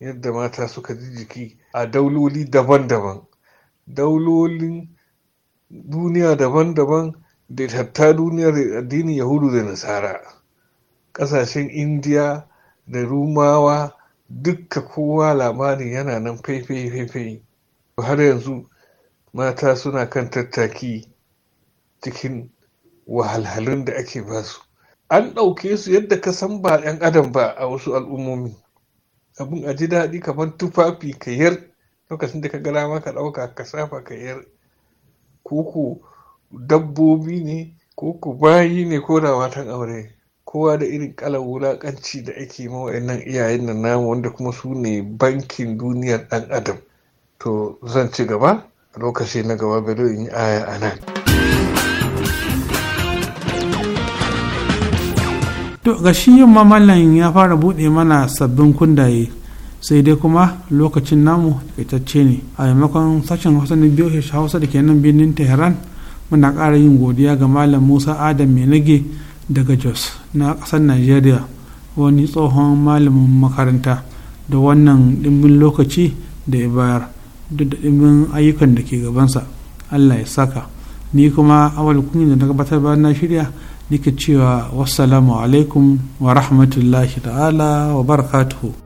yadda mata suka ji jiki a dauloli daban-daban daulolin duniya daban-daban da hatta duniyar addinin yahudu da nasara ƙasashen indiya da rumawa dukka kowa labarin yana nan faifai-faifai har yanzu mata suna kan tattaki cikin wahalhalun da ake basu an ɗauke su yadda ka san ba 'yan adam ba a wasu al'ummomi abin a ji daɗi kamar tufafi ka yar lokacin da ka ga ma ka ɗauka ka safa ka yar koko dabbobi ne koko bayi ne ko da matan aure kowa da irin kalar wulaƙanci da ake ma wa'annan iyayen nan namu wanda kuma su ne bankin duniyar ɗan adam to zan ci gaba lokaci na gaba bello in yi aya a nan. to ga shi yin mamallan ya fara buɗe mana sabbin kundaye sai dai kuma lokacin namu takaitacce ne a maimakon sashen hausa na biyu hausa da ke nan birnin tehran muna ƙara yin godiya ga malam musa adam mai nage daga jos na ƙasar nigeria wani tsohon malamin makaranta da wannan ɗimbin lokaci da ya bayar duk da ɗimbin ayyukan da ke gabansa allah ya saka ni kuma awal kunya da na gabatar bayan na shirya nake cewa wasalamu alaikum wa rahmatullahi ta'ala wa barakatuhu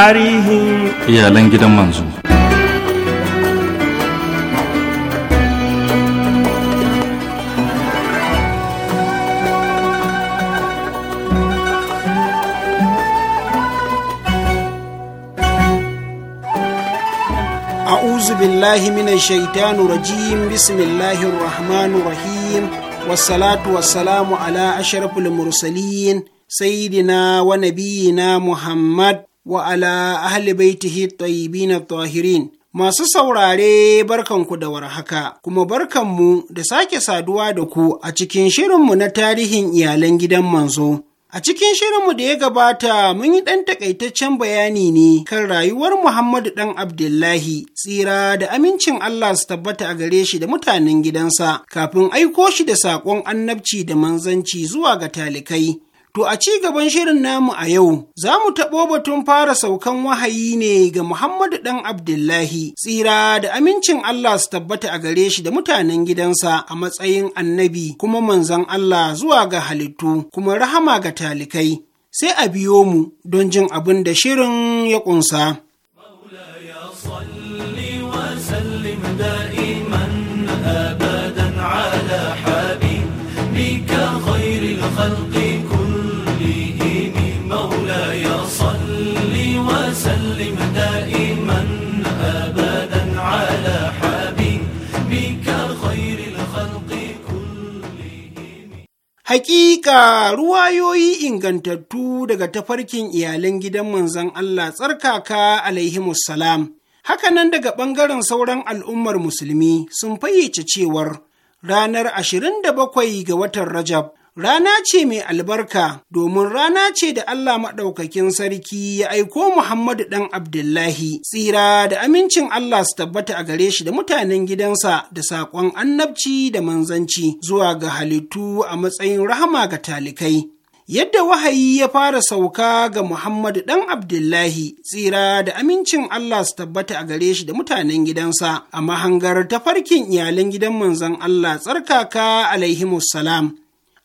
tarihin iyalan gidan manzo. billahi minan shaitanu rajim bismillahir rahmanir rahim wassalatu wassalamu ala ashrafil mursalin sayyidina wa nabiyina muhammad wa ala ahli baitihi tayyibin tahirin Masu saurare barkanku da warhaka, kuma barkanmu da sake saduwa da ku a cikin shirinmu na tarihin iyalan gidan manzo. A cikin shirinmu da ya gabata mun yi ɗan takaitaccen bayani ne kan rayuwar Muhammadu ɗan Abdullahi tsira da amincin Allah su tabbata a gare shi da mutanen gidansa kafin aiko shi da saƙon annabci da manzanci zuwa ga talikai. To a ci gaban shirin namu a yau, za mu taɓo batun fara saukan wahayi ne ga Muhammadu ɗan Abdullahi, tsira da amincin Allah su tabbata a gare shi da mutanen gidansa a matsayin annabi kuma manzan Allah zuwa ga halittu kuma rahama ga talikai. Sai a biyo mu don jin abin da shirin ya ƙunsa. خير الخلق Hakika ruwayoyi ingantattu daga tafarkin iyalan gidan manzon Allah tsarkaka salam. Hakanan daga ɓangaren sauran al'ummar musulmi sun fayyace cewar ranar 27 ga watan Rajab Rana ce mai albarka domin rana ce da Allah maɗaukakin sarki ya aiko Muhammadu ɗan Abdullahi, tsira da amincin Allah su tabbata a gare shi da mutanen gidansa da saƙon annabci da manzanci zuwa ga halittu a matsayin rahama ga talikai. Yadda wahayi ya fara sauka ga Muhammadu ɗan Abdullahi, tsira da amincin Allah su tabbata a gare shi da mutanen gidansa, a mahangar tafarkin iyalan gidan manzon Allah tsarkaka salam.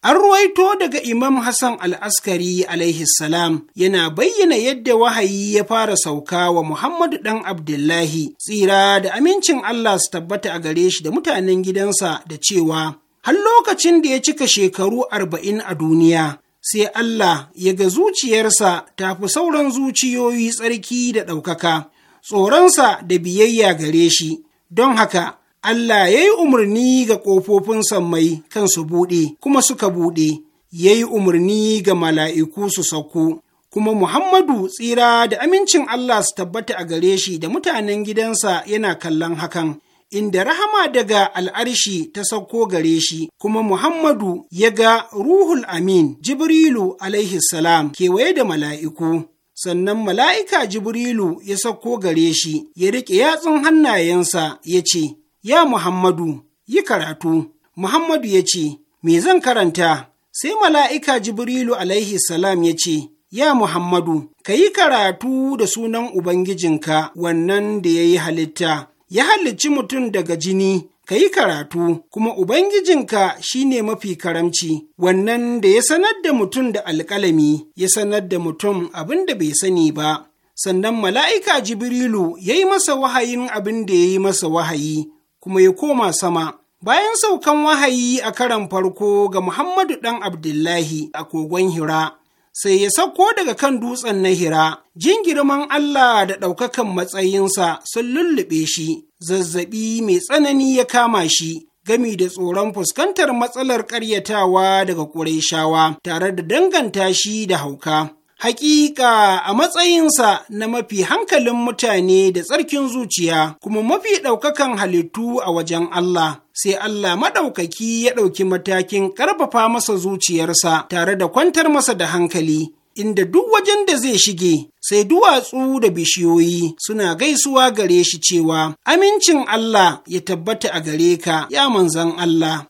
An ruwaito daga Imam Hassan al'askari alaihi salam yana bayyana yadda wahayi ya fara sauka wa Muhammadu ɗan Abdullahi, tsira da amincin Allah su tabbata a gare shi da mutanen gidansa da cewa, har lokacin da ya cika shekaru arba'in a duniya, sai Allah ya ga zuciyarsa ta fi sauran zuciyoyi tsarki da ɗaukaka, tsoronsa da biyayya gare shi, don haka Allah ya yi umarni ga ƙofofin sammai kan su buɗe, kuma suka buɗe, ya yi umarni ga mala'iku su sauko, kuma Muhammadu tsira da amincin Allah su tabbata a gare shi da mutanen gidansa yana kallon hakan. inda rahama daga al'arshi ta sauko gare shi, kuma Muhammadu ya ga Ruhul Amin, Jibrilu salam kewaye da mala'iku. Sannan mala'ika Jibrilu ya sauko gare shi, ya riƙe yatsun hannayensa ya ce, Ya Muhammadu, yi karatu. Muhammadu ya ce, Me zan karanta? Sai mala'ika Jibrilu alaihi salam ya ce, Ya Muhammadu, ka yi karatu da sunan Ubangijinka wannan da ya yi halitta, ya halicci mutum daga jini, ka yi karatu, kuma Ubangijinka shi ne mafi karamci, wannan da ya sanar da mutum da alƙalami, ya sanar da mutum abin da bai sani ba. Sannan mala'ika Jibrilu ya yi masa wahayin abin da ya yi masa wahayi, kuma ya koma sama. Bayan saukan wahayi a karan farko ga Muhammadu ɗan Abdullahi a kogon Hira, sai ya sauko daga kan dutsen na Hira, jingirman Allah da ɗaukakan matsayinsa sun lullube shi, zazzaɓi mai tsanani ya kama shi, gami da tsoron fuskantar matsalar ƙaryatawa daga ƙuraishawa tare da danganta shi da hauka. Hakika a matsayinsa na mafi hankalin mutane da tsarkin zuciya, kuma mafi ɗaukakan halittu a wajen Allah. sai Allah maɗaukaki ya ɗauki matakin ƙarfafa masa zuciyarsa tare da kwantar masa da hankali, inda duk wajen da zai shige, sai duwatsu da bishiyoyi suna gaisuwa gare shi cewa, Amincin Allah ya tabbata a gare ka, ya manzan Allah.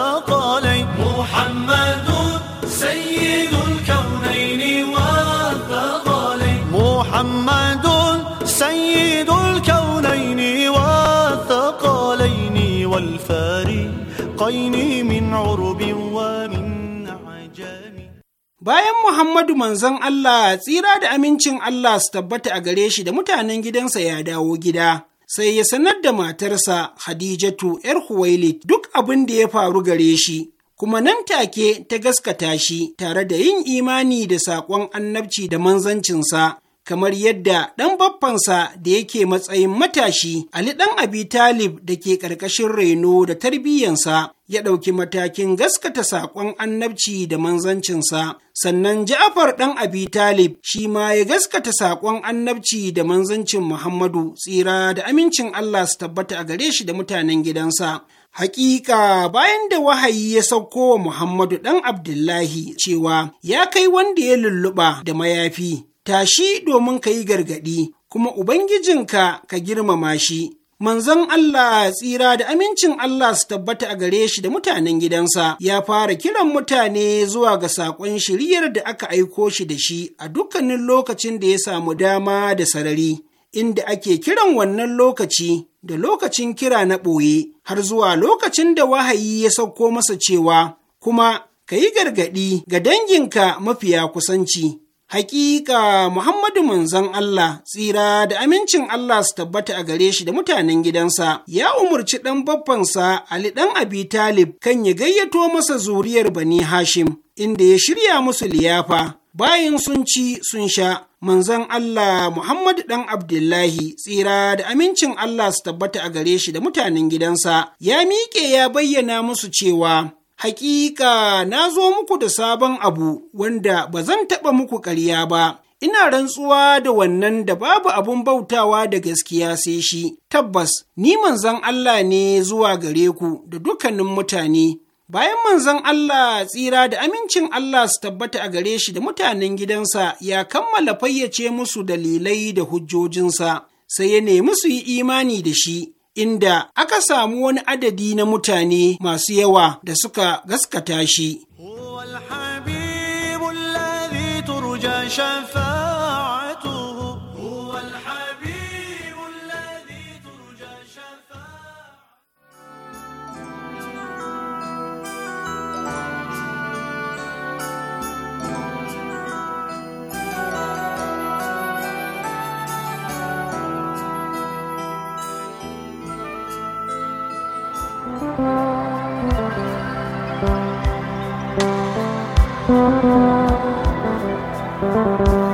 أفاق علي محمد سيد الكونين والثقلين محمد سيد الكونين والثقلين والفارقين من عرب ومن Bayan Muhammadu manzon Allah tsira da amincin Allah su tabbata a gare shi da mutanen gidansa ya dawo gida, sai ya sanar da matarsa Hadijatu ‘yar Huwailit duk abin da ya faru gare shi, kuma nan take ta gaskata shi tare da yin imani da saƙon annabci da manzancinsa. kamar yadda ɗan baffansa da yake matsayin matashi Ali ɗan Abi Talib da ke ƙarƙashin reno da tarbiyyansa ya ɗauki matakin gaskata saƙon annabci da manzancinsa. Sannan Ja'afar ɗan Abi Talib shi ma ya gaskata saƙon annabci da manzancin Muhammadu tsira da amincin Allah su tabbata a gare shi da mutanen gidansa. Hakika bayan da wahayi ya sauko wa Muhammadu ɗan Abdullahi cewa ya kai wanda ya lulluɓa da mayafi tashi domin ka yi gargaɗi, kuma Ubangijinka ka girmama shi. Manzon Allah tsira da amincin Allah su tabbata a gare shi da mutanen gidansa ya fara kiran mutane zuwa ga saƙon shiriyar da aka aiko shi da shi a dukkanin lokacin da ya samu dama da sarari. inda ake kiran wannan lokaci da lokacin kira na ɓoye har zuwa lokacin da wahayi ya sauko masa cewa kuma ka yi gargaɗi ga danginka mafiya kusanci Hakika Muhammadu manzon Allah tsira da amincin Allah su tabbata a gare shi da mutanen gidansa ya umurci ɗan babbansa Ali ɗan Abi Talib kan ya gayyato masa zuriyar Bani Hashim inda ya shirya musu liyafa bayan sun ci sun sha manzon Allah Muhammadu ɗan Abdullahi tsira da amincin Allah su tabbata a gare shi da mutanen gidansa ya miƙe ya bayyana musu cewa Hakika na zo muku da sabon abu wanda ba zan taɓa muku ƙarya ba, ina rantsuwa da wannan da babu abun bautawa da gaskiya sai shi, tabbas ni manzon Allah ne zuwa gare ku da dukkanin mutane. Bayan manzon Allah tsira da amincin Allah su tabbata a gare shi da mutanen gidansa ya kammala fayyace musu dalilai da hujjojinsa, sai ya nemi su yi imani da shi. inda aka samu wani adadi na mutane masu yawa da suka gaskata shi. Thank you.